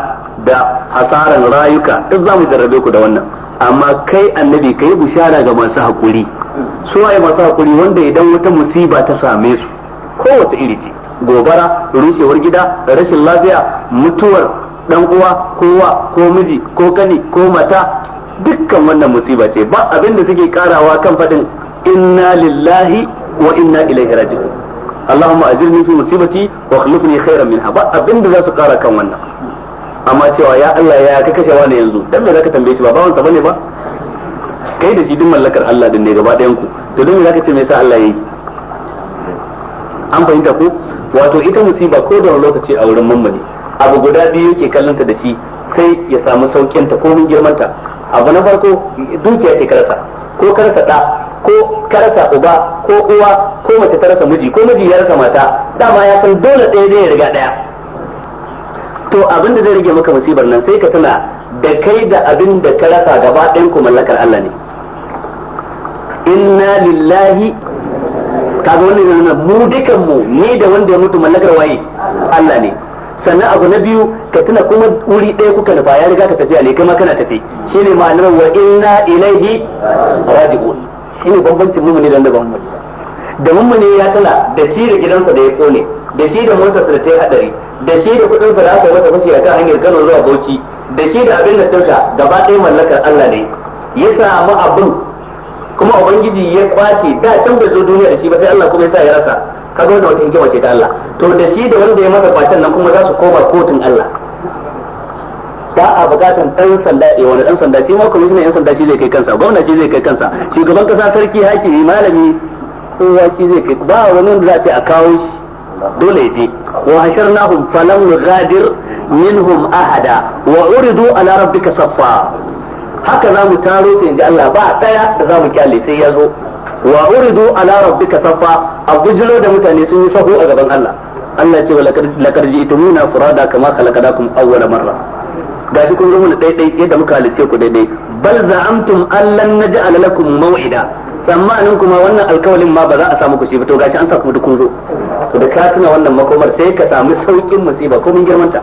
da hasaran rayuka duk za mu jarrabe ku da wannan amma kai annabi kai bishara ga masu hakuri su ai masu hakuri wanda idan wata musiba ta same su kowace iri ce gobara rushewar gida rashin lafiya mutuwar dan uwa kowa ko miji ko kani ko mata dukkan wannan musiba ce ba abin da suke karawa kan fadin inna lillahi wa inna ilaihi raji'un اللهم أجرني في مصيبتي واخلفني خيرا ba abinda بند ذا سقارة kan wannan. amma cewa ya Allah ya ka kashe wani yanzu dan me zaka tambaye shi ba bawansa bane ba kai da shi duk mallakar Allah din ne gaba ɗayan ku to dan me zaka ce me yasa Allah yayi an fahimta ko wato ita musiba ko da lokaci a wurin mummuni abu guda biyu yake kallonta da shi sai ya samu saukin ta ko mun girman ta abu na farko dukiya ce karasa ko karasa da ko karasa uba ko uwa ko mace ta rasa miji ko miji ya rasa mata dama ya san dole ɗaya ya riga ɗaya to abin da zai rage maka musibar nan sai ka tuna da kai da abin da ka rasa gaba ɗayan ku mallakar Allah ne inna lillahi kaga wannan nuna mu dukan mu ni da wanda ya mutu mallakar waye Allah ne sannan abu na biyu ka tuna kuma wuri ɗaya kuka nufa ya riga ka tafi a kama kana tafi ne ma'anar wa inna ilaihi raji'un ne bambancin mu ne da wanda bambanci da mu ne ya tana da shi da gidansa da ya kone da shi da motarsa da ta yi hadari da shi da kudin sa da aka masa fashi kan hanyar Kano zuwa Bauchi da shi da abin da tausa gaba ɗaya mallakar Allah ne ya samu abin kuma ubangiji ya kwace da can bai zo duniya da shi ba sai Allah kuma ya sa ya rasa kaga wannan wata hikima ce ta Allah to da shi da wanda ya masa kwacen nan kuma za su koma kotun Allah ba a bukatan dan sanda ya eh, wani ɗan sanda shi ma ne dan sanda shi zai kai kansa gwamna shi zai kai kansa shugaban kasa sarki hakimi malami kowa shi zai kai ba wani wanda za a ce a kawo shi dole ya je wa hasharnahum falam ghadir minhum ahada wa uridu ala rabbika saffa haka zamu taro su inda Allah ba daya da zamu kyalle sai ya zo wa uridu ala rabbika saffa a bujiro da mutane sun yi sahu a gaban Allah Allah ce wa laqad ji'tumuna furada kama khalaqnakum awwala marra shi kun zo da daidai yadda muka halice ku daidai bal za'amtum allan naj'al lakum maw'ida tsammanin kuma wannan alkawalin ma ba za a samu kushi ba to gashi an sa kuma duk kun zo to da ka tuna wannan makomar sai ka samu saukin musiba ko mun girman ta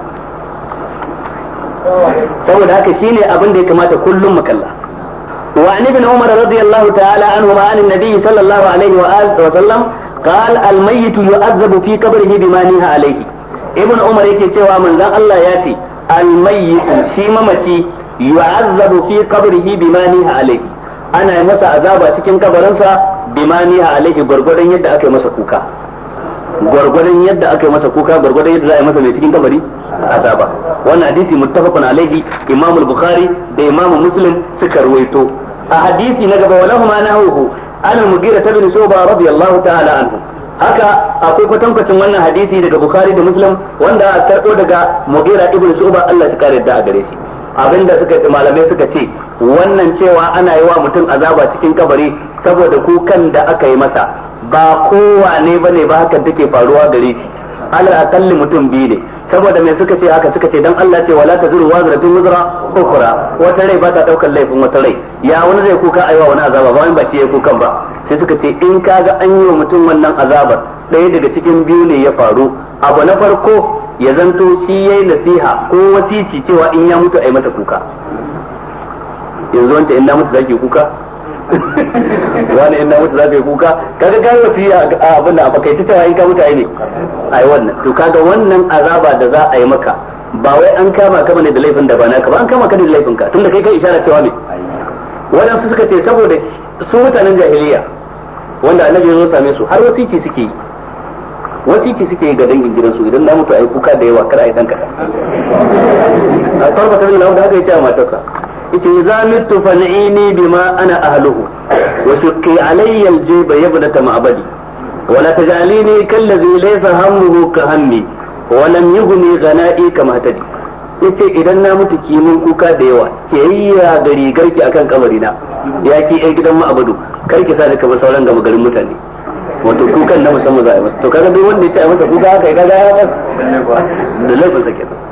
saboda haka shine abin da ya kamata kullum mu kalla umar radiyallahu ta'ala anhu ma an nabi sallallahu alaihi wa alihi wa sallam وسلم al mayyit yu'adhabu fi qabrihi bima niha alaihi ibn umar yake cewa manzon Allah ya ce al-mayyit shi mamaci yu'adhabu fi qabrihi bima niha alayhi ana yi masa azaba cikin kabarinsa a alaihi gwargwadon yadda aka yi masa kuka gwargwadon yadda aka yi masa kuka gwargwadon yadda za a yi masa mai cikin kabari azaba wannan hadisi muttafaqun alaihi imamul al-bukhari da imam muslim suka ruwaito a hadisi na gaba walahu ma nahuhu an al-mughira bin shuba radiyallahu ta'ala anhu haka akwai kwatankwacin wannan hadisi daga bukhari da muslim wanda a karɓo daga mughira ibn shuba Allah ya kare da a gare shi abinda suka malamai suka ce wannan cewa ana yi wa mutum azaba cikin kabari saboda kukan da aka yi masa ba kowane ba ne ba hakan take faruwa gare shi ala akalli mutum biyu ne saboda me suka ce haka suka ce dan Allah ce wala taziru wazratu wuzra ukhra wata rai ba ta daukar laifin wata rai ya wani zai kuka aiwa wani azaba ba wani ba shi yayi kukan ba sai suka ce in kaga an yi wa mutum wannan azabar ɗaya daga cikin biyu ne ya faru abu na farko ya zanto shi yayi nasiha ko wasici cewa in ya mutu ai masa kuka yanzu wancan in na mutu zaki kuka wani in na mutu zaki kuka kaga ga wasiya a abin da a bakaita cewa in ka mutu ai ne ai wannan to kaga wannan azaba da za a yi maka ba wai an kama ka bane da laifin da ba naka ba an kama ka ne da laifin ka tunda kai kai isharar cewa ne waɗansu suka ce saboda su mutanen jahiliya wanda annabi ya zo same su har wasici suke yi ce suke yi ga dangin gidansu idan na mutu ayi kuka da yawa kar ayi dan kaɗan a tsarfa ta bin da haka ya ce a matarsa إذا مت فالعيني بما أنا أهله وشقي علي الجيب يا ابنة معبدي ولا تجعليني كالذي ليس همه كهمي ولم يغني غنائي كمهتدي yace idan na mutu ki mun kuka da yawa ke yayya da rigar ki akan kabari na ya ki ai gidan ma'abudu kar ki sa da kamar sauran gama garin mutane wato kukan na musamman za a yi masa to kaga duk wanda ya ce a masa kuka haka ya kaga ya masa da laifin sake kenan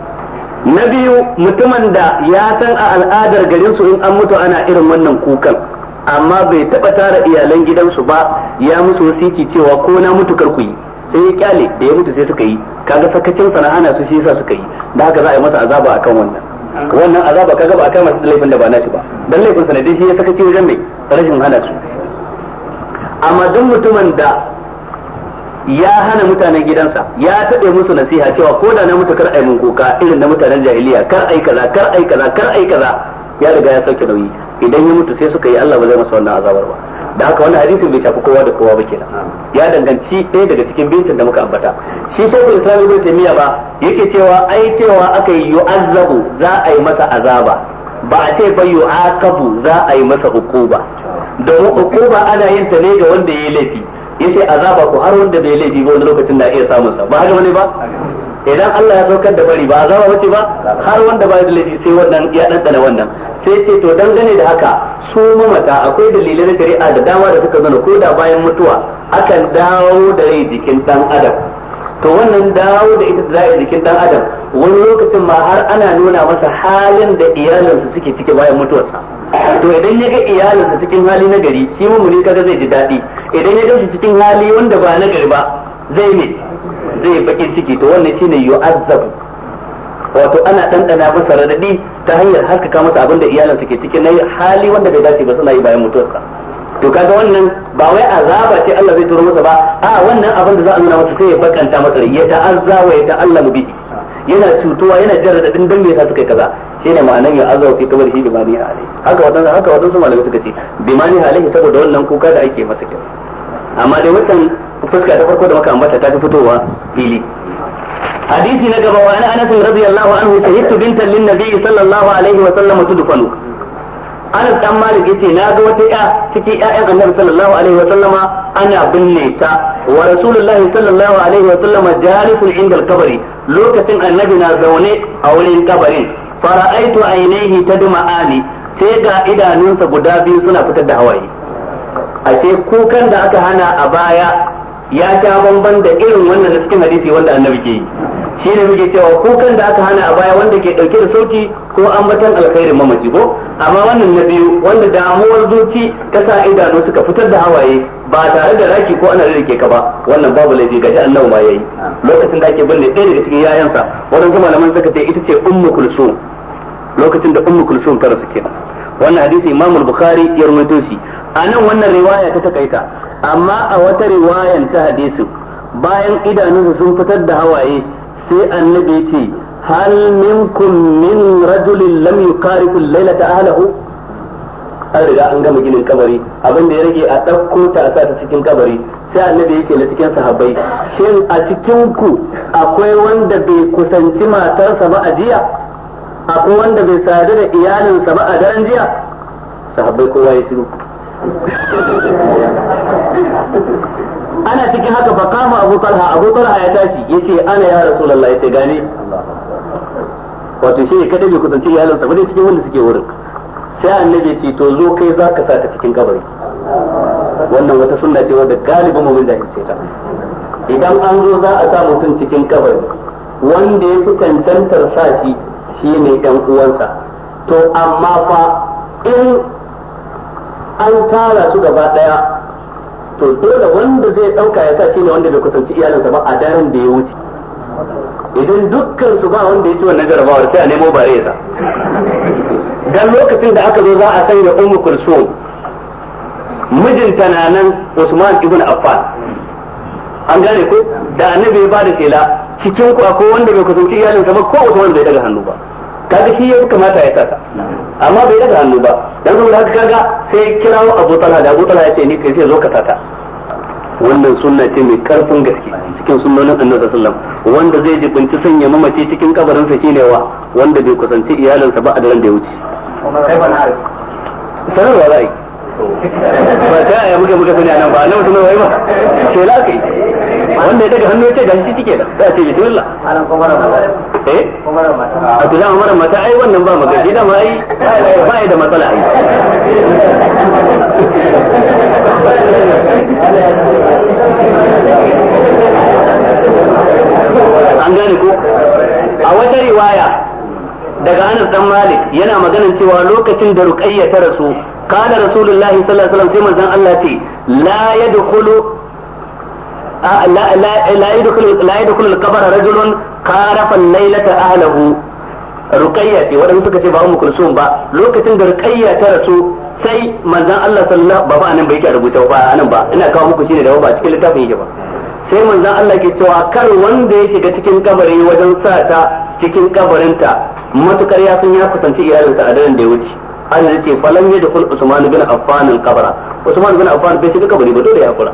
na biyu mutumin da ya san a al'adar garin su in an mutu ana irin wannan kukan amma bai taba tara iyalan gidansu ba ya musu wasiki cewa ko na mutu kar ku yi sai ya kyale da ya mutu sai suka yi kaga sakacin sana'ana su shi yasa suka yi da haka za a yi masa azaba akan wannan wannan azaba kaga ba a kama su laifin da ba nashi ba dan laifin sanadin shi ya sakaci wajen mai rashin hana su amma duk mutumin da ya hana mutanen gidansa ya taɓe musu nasiha cewa ko da na mutu kar ai mun kuka irin na mutanen jahiliya kar ai kaza kar ai kaza kar ai kaza ya riga ya sauke nauyi idan ya mutu sai suka yi Allah ba zai masa wannan azabar ba da haka wannan hadisin bai shafi kowa da kowa ba kenan ya danganci ɗaya daga cikin bincin da muka ambata shi shekul ba ibn miya ba yake cewa ai cewa aka yi yu'azzabu za a yi masa azaba ba a ce ba yu'aqabu za a yi masa hukuba domin hukuba ana yin ta ne ga wanda ya yi laifi yace azaba ko har wanda bai laifi ba wani lokacin na iya samun sa ba haka bane ba idan Allah ya saukar da bari ba azaba bace ba har wanda bai da laifi sai wannan ya da wannan sai ce to dangane da haka su mamata akwai dalilai na shari'a da dama da suka zana ko da bayan mutuwa akan dawo da rai jikin dan adam to wannan dawo da ita da rai jikin dan adam wani lokacin ma har ana nuna masa halin da iyalinsa suke cike bayan mutuwarsa to idan ya ga iyalinsa cikin hali na gari shi mumuni kaga zai ji daɗi idan ya ganshi cikin hali wanda ba na gari ba zai ne zai bakin ciki to wannan shine yu'azzab wato ana ɗanɗana masa radadi ta hanyar haskaka masa abin da iyalinsa ke cikin na hali wanda bai dace ba suna yi bayan mutuwarsa to kaga wannan ba wai azaba ce Allah zai turo masa ba a wannan abin da za a nuna masa sai ya bakanta masa ya ta'azza wa ya ta'allamu bihi yana cutuwa yana jin radadin dan me yasa suka kaza shine ma'anan ya azawa fi kabari bi mani alai haka wadansu haka wadansu malamai suka ce bi mani alai saboda wannan kuka da ake masa kyau amma dai wannan fuska ta farko da maka ambata ta fi fitowa fili hadisi na gaba wa ana anas radiyallahu anhu shahidtu bintan lin nabi sallallahu alaihi wa sallam tudfanu Anas dan Malik yace na ga wata ya cikin ƴaƴan Annabi sallallahu alaihi wa sallama ana binne ta wa Rasulullahi sallallahu alaihi wa sallama jalisun inda kabari lokacin Annabi na zaune a wurin kabarin fara'aitu ainihi Ali, sai ga idanunsa guda biyu suna fitar da hawaye ashe kukan da aka hana a baya ya sha bamban da irin wannan da cikin hadisi wanda annabi ke yi shi ne muke cewa kukan da aka hana a baya wanda ke dauke da sauki ko ambatan alkhairin mamaci ko amma wannan na biyu wanda damuwar zuci ta sa idanu suka fitar da hawaye ba tare da raki ko ana rike ka ba wannan babu laifi gaji annabi ma yayi lokacin da ake binne ɗaya daga cikin yayansa wadansu malaman suka ce ita ce ummu kulsum lokacin da ummu kulsum ta rasu kenan wannan hadisi imam al-bukhari ya rawaito shi anan wannan riwaya ta takaita amma a wata riwayan ta hadisin bayan idanunsa sun fitar da hawaye sai annabi ce hal minkum min rajulin lam yuqariku lailata ahlihi an riga an gama ginin kabari abinda ya rage a ɗauko ta a sata ta cikin kabari sai annabi yake na cikin sahabbai shin a cikin ku akwai wanda bai kusanci matarsa ba a jiya akwai wanda bai sadu da iyalinsa ba a daren jiya sahabbai kowa ya shiru ana cikin haka fa kama abu talha abu talha ya tashi yace ana ya rasulullah yace gane wato shi ne kada bai kusanci iyalinsa ba dai cikin wanda suke wurin sai annabi ya ce to zo kai zaka sa ta cikin kabari wannan wata sunna ce wadda galibin mu da ce ta idan an zo za a sa mutum cikin kabari wanda ya fi cancantar sa shi shine ɗan uwansa to amma fa in an tara su gaba ɗaya to dole wanda zai ɗauka ya sa shi ne wanda bai kusanci iyalinsa ba a daren da ya wuce idan dukkan su ba wanda ya ci wannan jarabawar sai a nemo sa. dan lokacin da aka zo za a sanya ummu kulsum mijinta na nan Usman ibn Affan an gane ko da annabi ya bada shela cikin ku akwai wanda bai kusanci iyalinsa ba ko wanda bai daga hannu ba kaga shi ya kamata ya saka amma bai daga hannu ba dan saboda haka kaga sai kirawo Abu Talha da Abu Talha ya ce ni kai sai zo ka saka wannan sunna ce mai karfin gaske cikin sunnonin Annabi sallallahu alaihi wasallam wanda zai jibinci sanya mamaci cikin sa shine wa wanda bai kusanci iyalinsa ba a daren da ya wuce da ra'ayi ba ta ya muke muka sani a nan ba a nan mutum ba sai la kai wanda ya daga hannu ce gashi shi shike da za a ce bismillah anan kuma mata eh kuma mata a tuza umaran mata ai wannan ba magana idan ma ai ba da matsala ai an gane ko a wata riwaya daga Anas dan Malik yana maganin cewa lokacin da Ruqayya ta rasu kana Rasulullahi sallallahu alaihi wasallam sai manzon Allah ce la yadkhulu لا يدخل la yadkhulu al-qabra rajulun qarafa al-laylata ahlihi ruqayya ce wadanda suka ce ba ترسو ba lokacin da ta rasu sai manzan Allah sallallahu ba ba anan bai ke rubuta ba anan ba ina kawo muku shine da ba cikin littafin yake ba sai manzan Allah ke cewa kar wanda ya shiga cikin kabari wajen sa ta cikin kabarinta matukar ya sun ya kusanci iyalinsa a daren da ya wuce an ce falan yadkhul Usman bin Affan al-qabra Usman bin Affan bai shiga kabari ba dole ya kura.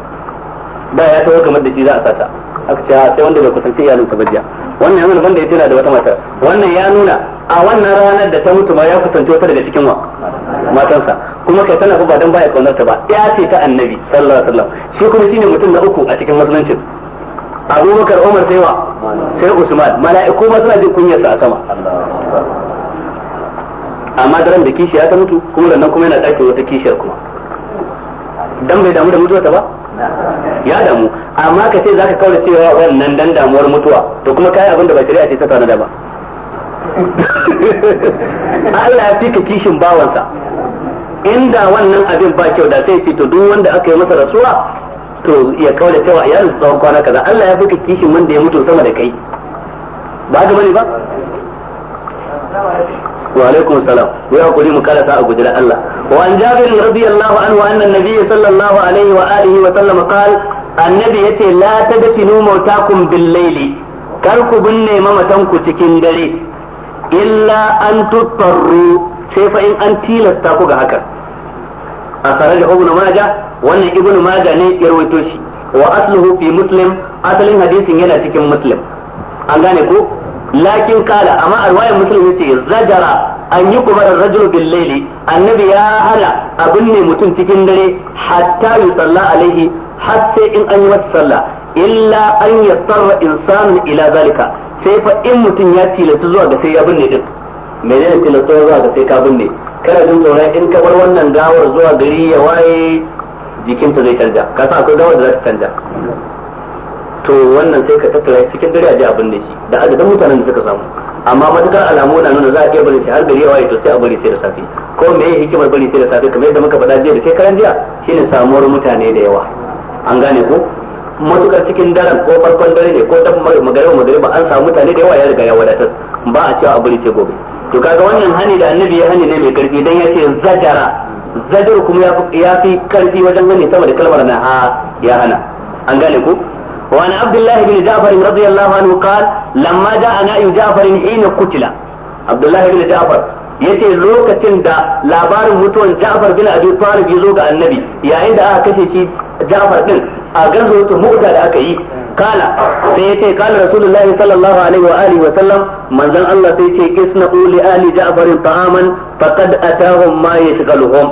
da ya tawo kamar da shi za a sata aka ce sai wanda bai kusanci iyalinsa ba jiya wannan yanzu banda yace yana da wata matar wannan ya nuna a wannan ranar da ta mutu ma ya kusanci wata daga cikin matansa kuma kai tana ba dan baya kaunar ta ba ya ce ta annabi sallallahu alaihi wasallam shi kuma shine mutum na uku a cikin musulunci abubakar umar sai wa sai usman mala'iku ma suna jin kunyarsa a sama amma daren da kishiya ta mutu kuma nan kuma yana ɗakin wata kishiyar kuma dan bai damu da mutuwarta ba ya damu amma ka ce zaka kaura cewa wannan dan damuwar mutuwa to kuma kai abin da ba shari'a ce ta tsana da ba Allah ya fika kishin bawansa inda wannan abin ba kyau da sai ce to duk wanda aka yi masa rasuwa to ya kaura cewa iyalin tsawon kwana kaza Allah ya fika kishin wanda ya mutu sama da kai ba ga bane ba wa alaikum salam wai hakuri mu kala sa a Allah وعن جابر رضي الله عنه أن النبي صلى الله عليه وآله وسلم قال النبي يتي لا تدفنوا موتاكم بالليل كركو بني ما متنكو تكين دلي إلا أن تضطروا سيفا إن أن تيلستاكو هكا أخرجه ابن ماجه وأن ابن ماجه يروي توشي وأصله في مسلم أصل حديث ينا تكين مسلم أن ko lakin kala amma arwayan musulmi ce zajara an yi kuma rajul bil laili annabi ya hana a binne mutum cikin dare hatta salla alaihi har sai in an yi masa sallah illa an yattarra insanun ila zalika sai fa in mutum ya tilasta zuwa ga sai ya binne din ne tilasta zuwa ga sai ka binne kana jin tsoron in ka bar wannan gawar zuwa gari ya waye jikinta zai canja ka sa akwai gawar da za ta canja to wannan sai ka tattara cikin dare a ji abin da shi da adadin mutanen da suka samu amma matukar alamu na nuna za a iya bari sai har gari ya waye to sai a bari sai da safe ko me yake hikimar bari sai da safe kamar yadda muka faɗa jiya da kai karan jiya shine samuwar mutane da yawa an gane ko matukar cikin daren ko farkon dare ne ko dan magariba magariba an samu mutane da yawa ya riga ya wadatar ba a cewa a bari sai gobe to kaga wannan hani da annabi ya hani ne mai karfi dan ya ce zajara zajar kuma ya fi karfi wajen hani sama da kalmar na ya hana an gane ko وعن عبد الله بن جعفر رضي الله عنه قال لما جاء نائب جعفر حين قتل عبد الله بن جعفر yace lokacin da labarin mutuwan Ja'far bin Abi Talib ya zo ga Annabi yayin da aka kashe shi Ja'far din a gazo Mu'ta da aka yi kala sai ya ce kala rasulullah sallallahu alaihi wa alihi wa sallam manzon Allah sai ce isna uli ali ja'far ta'aman faqad atahum ma yashghaluhum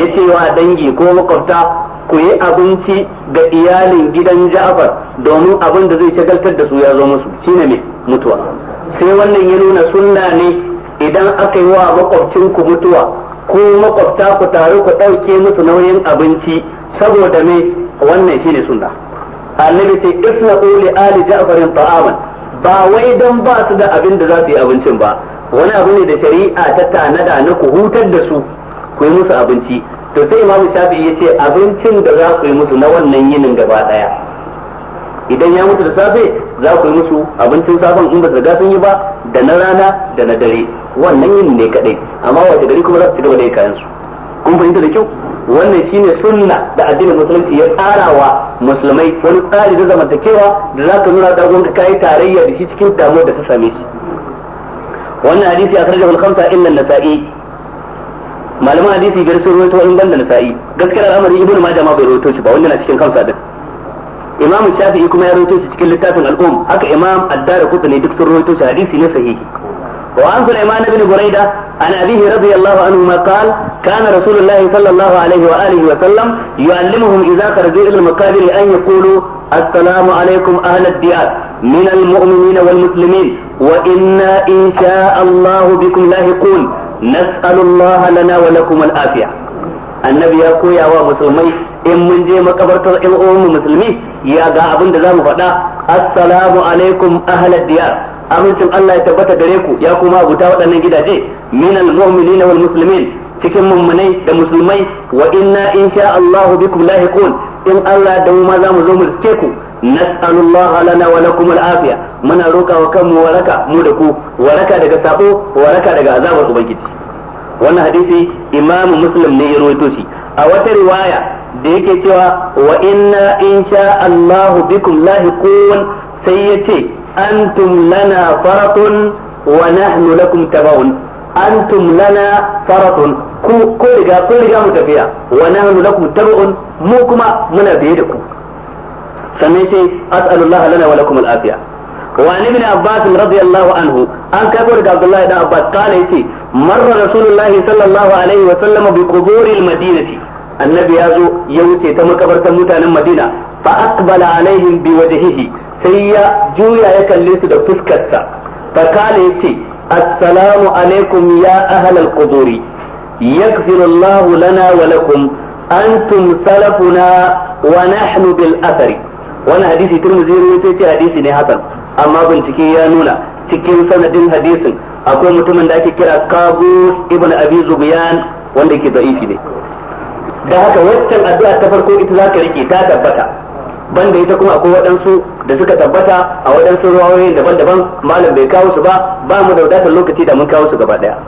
yace wa dangi ko makwabta ku yi abinci ga iyalin gidan Ja'far domin abin da zai shagaltar da su ya zo musu shine me mutuwa sai wannan ya nuna sunna ne idan aka yi wa makwabcin ku mutuwa ko makwabta ku tare ku ɗauke musu nauyin abinci saboda me wannan shine sunna annabi ce isna li ali ja'farin ta'aman ba wai dan ba su da abin da za su yi abincin ba wani abu ne da shari'a ta tanada na ku hutar da su ku yi musu abinci to sai imamu shafi'i ce abincin da za ku yi musu na wannan yinin gaba daya idan ya mutu da safe za ku yi musu abincin safen in ba riga sun yi ba da na rana da na dare wannan yinin ne kadai amma wace gari kuma za su ci gaba da yi kayan su kun fahimta da kyau wannan shine sunna da addinin musulunci ya tsara wa musulmai wani tsari da zamantakewa da za ka nuna dagon ka kai tarayya da shi cikin damuwa da ta same shi wannan hadisi a al khamsa an nasa'i malaman hadisi biyar sun rawaito in banda nasa'i gaskiyar al'amari ibnu majah ma bai rawaito shi ba wannan na cikin kansa din imam shafi'i kuma ya rawaito shi cikin littafin al'um haka imam addara kutu ne duk sun rawaito shi hadisi ne sahihi wa an sulaiman ibn buraida an abihi radiyallahu anhu ma qala kana rasulullahi sallallahu alaihi wa alihi wa sallam yu'allimuhum idza kharaju ila al an yaqulu assalamu alaikum ahla diyar min al mu'minin wal muslimin wa inna in sha'a allah bikum nas'alullaha lana wa lakum al-afiya annabi ya koya wa musulmai in mun je makabartar ɗan uwanmu musulmi ya ga abin da zamu faɗa assalamu alaikum ahlad diyar amincin Allah ya tabbata gare ku ya kuma abuta waɗannan gidaje minal mu'minina wal muslimin cikin mummunai da musulmai wa inna insha Allahu bikum lahiqun in Allah da mu ma zamu zo mu riske ku nas'alullah lana wa lakum al'afiya muna roka wa kanmu waraka mu da ku waraka daga sabo waraka daga azabar ubangiji wannan hadisi imamu muslim ne ya rawaito shi a wata riwaya da yake cewa wa inna insha Allah bikum lahiqun sai yace antum lana faratun wa nahnu lakum tabaun antum lana faratun ku ko riga ko riga mu tafiya wa nahnu lakum tabaun mu kuma muna biye da ku sannan ce as'alullah lana wa lakum al-afiya wa an ibn abbas radiyallahu anhu an kai daga abdullahi dan abbas kana yace marra rasulullahi sallallahu alaihi wa sallam bi quburil madinati annabi ya zo ya wuce ta makabartar mutanen madina fa aqbala alaihim bi wajhihi sai ya juya ya kalle su da fuskarsa fa kana yace assalamu alaikum ya ahlal quburi yaghfiru allah lana wa lakum antum salafuna wa nahnu bil asari. wannan hadisi turmuzi rawaito ce hadisi ne hasan amma bincike ya nuna cikin sanadin hadisin akwai mutumin da ake kira kabus ibn abi zubiyan wanda ke da'ifi ne da haka waccan addu'a ta farko ita za ka rike ta tabbata banda ita kuma akwai waɗansu da suka tabbata a waɗansu ruwayoyin daban-daban malam bai kawo su ba ba mu da wadatar lokaci da mun kawo su gaba ɗaya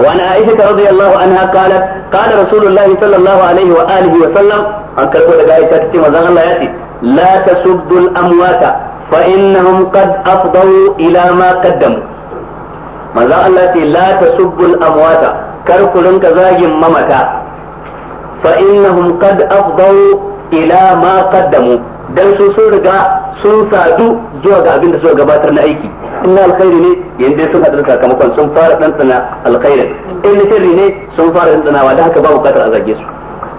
وعن عائشة رضي الله عنها قالت قال رسول الله صلى الله عليه وآله وسلم أن كربو لقائشة تتي وزان الله يأتي لا تسبوا الأموات فإنهم قد أفضوا إلى ما قدموا manzon Allah ce la tasubbul amwata kar ku rinka zagin mamata fa innahum qad afdau ila ma qaddamu dan su sun riga sun sadu zuwa ga abin da suka gabatar na aiki in alkhairi ne yanzu sun hadu sakamakon sun fara dantsana alkhairin in na sirri ne sun fara dantsanawa da haka ba bukatar a zage su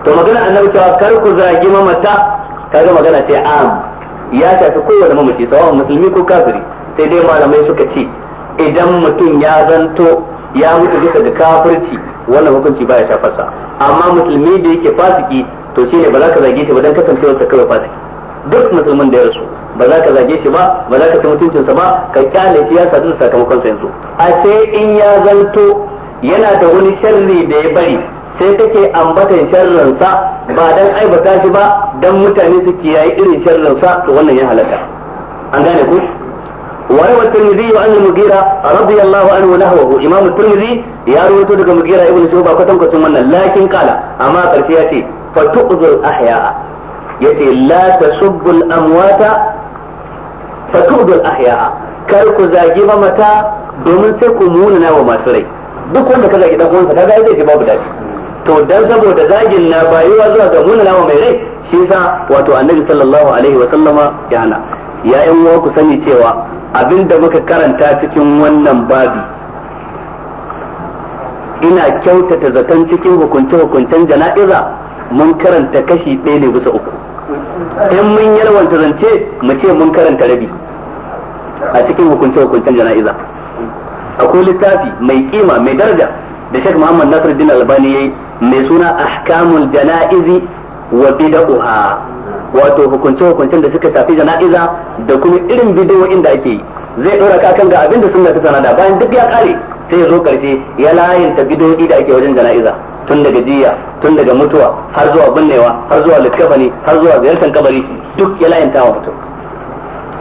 to magana annabi cewa kar ku zagi mamata Ka zama magana ce am ya shafi kowane mamaci sawan musulmi ko kafiri sai dai malamai suka ce idan mutum ya zanto ya mutu bisa ga kafirci wannan hukunci baya shafarsa amma musulmi da yake fasiki to shine ba za ka zage shi ba dan kasancewar ta kawai fasiki duk musulmin da ya rasu ba za ka zage shi ba ba za ka ci mutuncinsa ba ka kyale shi ya sadu da sakamakon sa yanzu a sai in ya zanto yana da wani sharri da ya bari sai take ambatan sharransa ba dan aibata shi ba dan mutane su kiyaye irin sharransa to wannan ya halaka an gane ku wa rawi at-tirmidhi an al-mughira radiyallahu anhu nahwahu imam at-tirmidhi ya rawaito daga mughira ibn shuba kwatan kwatan wannan lakin kala amma karshe yace fa tuqzul ahya yace la tasubbu al-amwata fa tuqzul ahya kar ku zagi ba mata domin sai ku munana wa masu rai duk wanda ka zagi dan uwansa kaga yace babu dadi to dan saboda zagin na bayuwa zuwa ga munana mai rai shi yasa wato annabi sallallahu alaihi wa sallama ya hana ya yan uwa ku sani cewa abinda muka karanta cikin wannan babi ina kyautata zaton cikin hukunce-hukuncen jana'iza mun karanta kashi ɗaya ne bisa uku in mun yalwanta zance mu ce mun karanta rabi a cikin hukunce-hukuncen jana'iza akwai littafi mai kima mai daraja da Sheikh Muhammad Nasiruddin Albani ya yi. mai suna ahkamul jana'izi wa bid'uha wato hukunce hukuncen da suka shafi jana'iza da kuma irin bid'o'in da ake yi zai dora ka kan ga abin da sunna ta sanada bayan duk ya kare sai ya zo karshe ya layinta bid'o'i da ake wajen jana'iza tun daga jiya tun daga mutuwa har zuwa binnewa har zuwa littafani har zuwa ziyartar kabari duk ya layinta wa mutum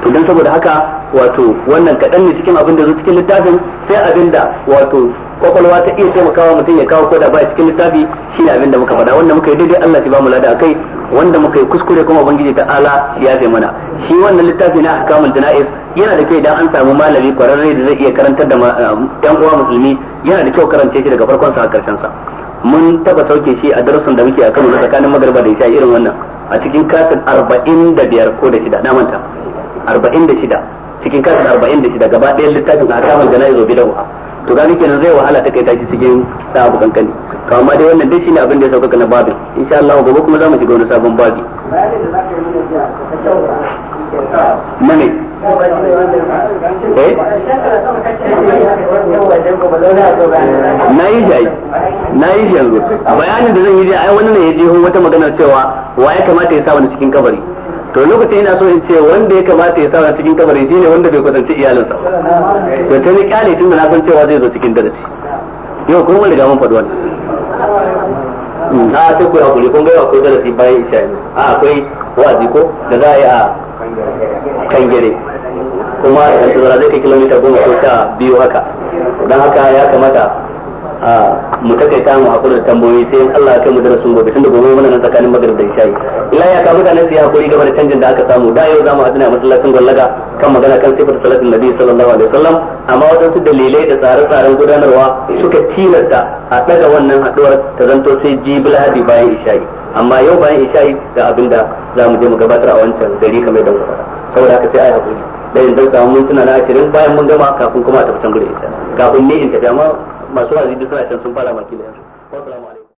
to dan saboda haka wato wannan kaɗan ne cikin abin da zo cikin littafin sai abin da wato kwakwalwa ta iya taimakawa mutum ya kawo koda baya cikin littafi shi abin da muka faɗa wanda muka yi daidai Allah shi ba mu lada akai wanda muka yi kuskure kuma ubangiji ta ala shi ya mana shi wannan littafi na ahkamul jana'is yana da kyau idan an samu malami kwararre da zai iya karantar da eh, yan uwa musulmi yana da kyau karance shi daga farkon sa har karshen sa mun taba sauke shi a darasin da muke a kan tsakanin magarba da isha irin wannan a cikin katin biyar ko da shida na manta 46 cikin kasan 46 gaba ɗayan littafin a kamar jana'iz wa bidawa to gani kenan zai wahala ta kai tashi cikin da abu kankani to amma dai wannan dai shine abin da ya sauka na babin insha Allah gobe kuma za mu shiga wani sabon babi mane eh? na yi shi na yi shi yanzu bayanin da zan yi ai wani ne ya jeho wata magana cewa wa ya kamata ya sa wani cikin kabari to lokacin ina so in ce wanda ya kamata ya sauna cikin kabari shine wanda bai kusanci iyalinsa ba to ta ni kyale tun da na san cewa zai zo cikin darasi yau kuma riga mun faɗi wannan mm. a ah, sai ku hakuri kun ga akwai darasi bayan isha ne a ah, akwai wazi ko da za a yi a kangare kuma yanzu zai kai kilomita goma ko sha biyu haka don haka ya kamata mu takaita mu hakuri da tambayoyi sai Allah kai mu da rasul gobe tunda gobe muna nan tsakanin magrib da isha'i illa ya ka mutane su yi hakuri game da canjin da aka samu da yau zamu hadina masallacin gwallaga kan magana kan sifar salatin nabi sallallahu alaihi wasallam amma wadansu dalilai da tsare-tsaren gudanarwa suka tilasta a daga wannan haduwar ta zanto sai hadi bayan isha'i amma yau bayan isha'i ga abinda zamu je mu gabatar a wancan gari kamar da muka saboda haka sai ai hakuri da yanzu samu mintuna na ashirin bayan mun gama kafin kuma a tafi can gudu kafin ni in tafi amma masu wa'azi duk suna can sun fara maki da yanzu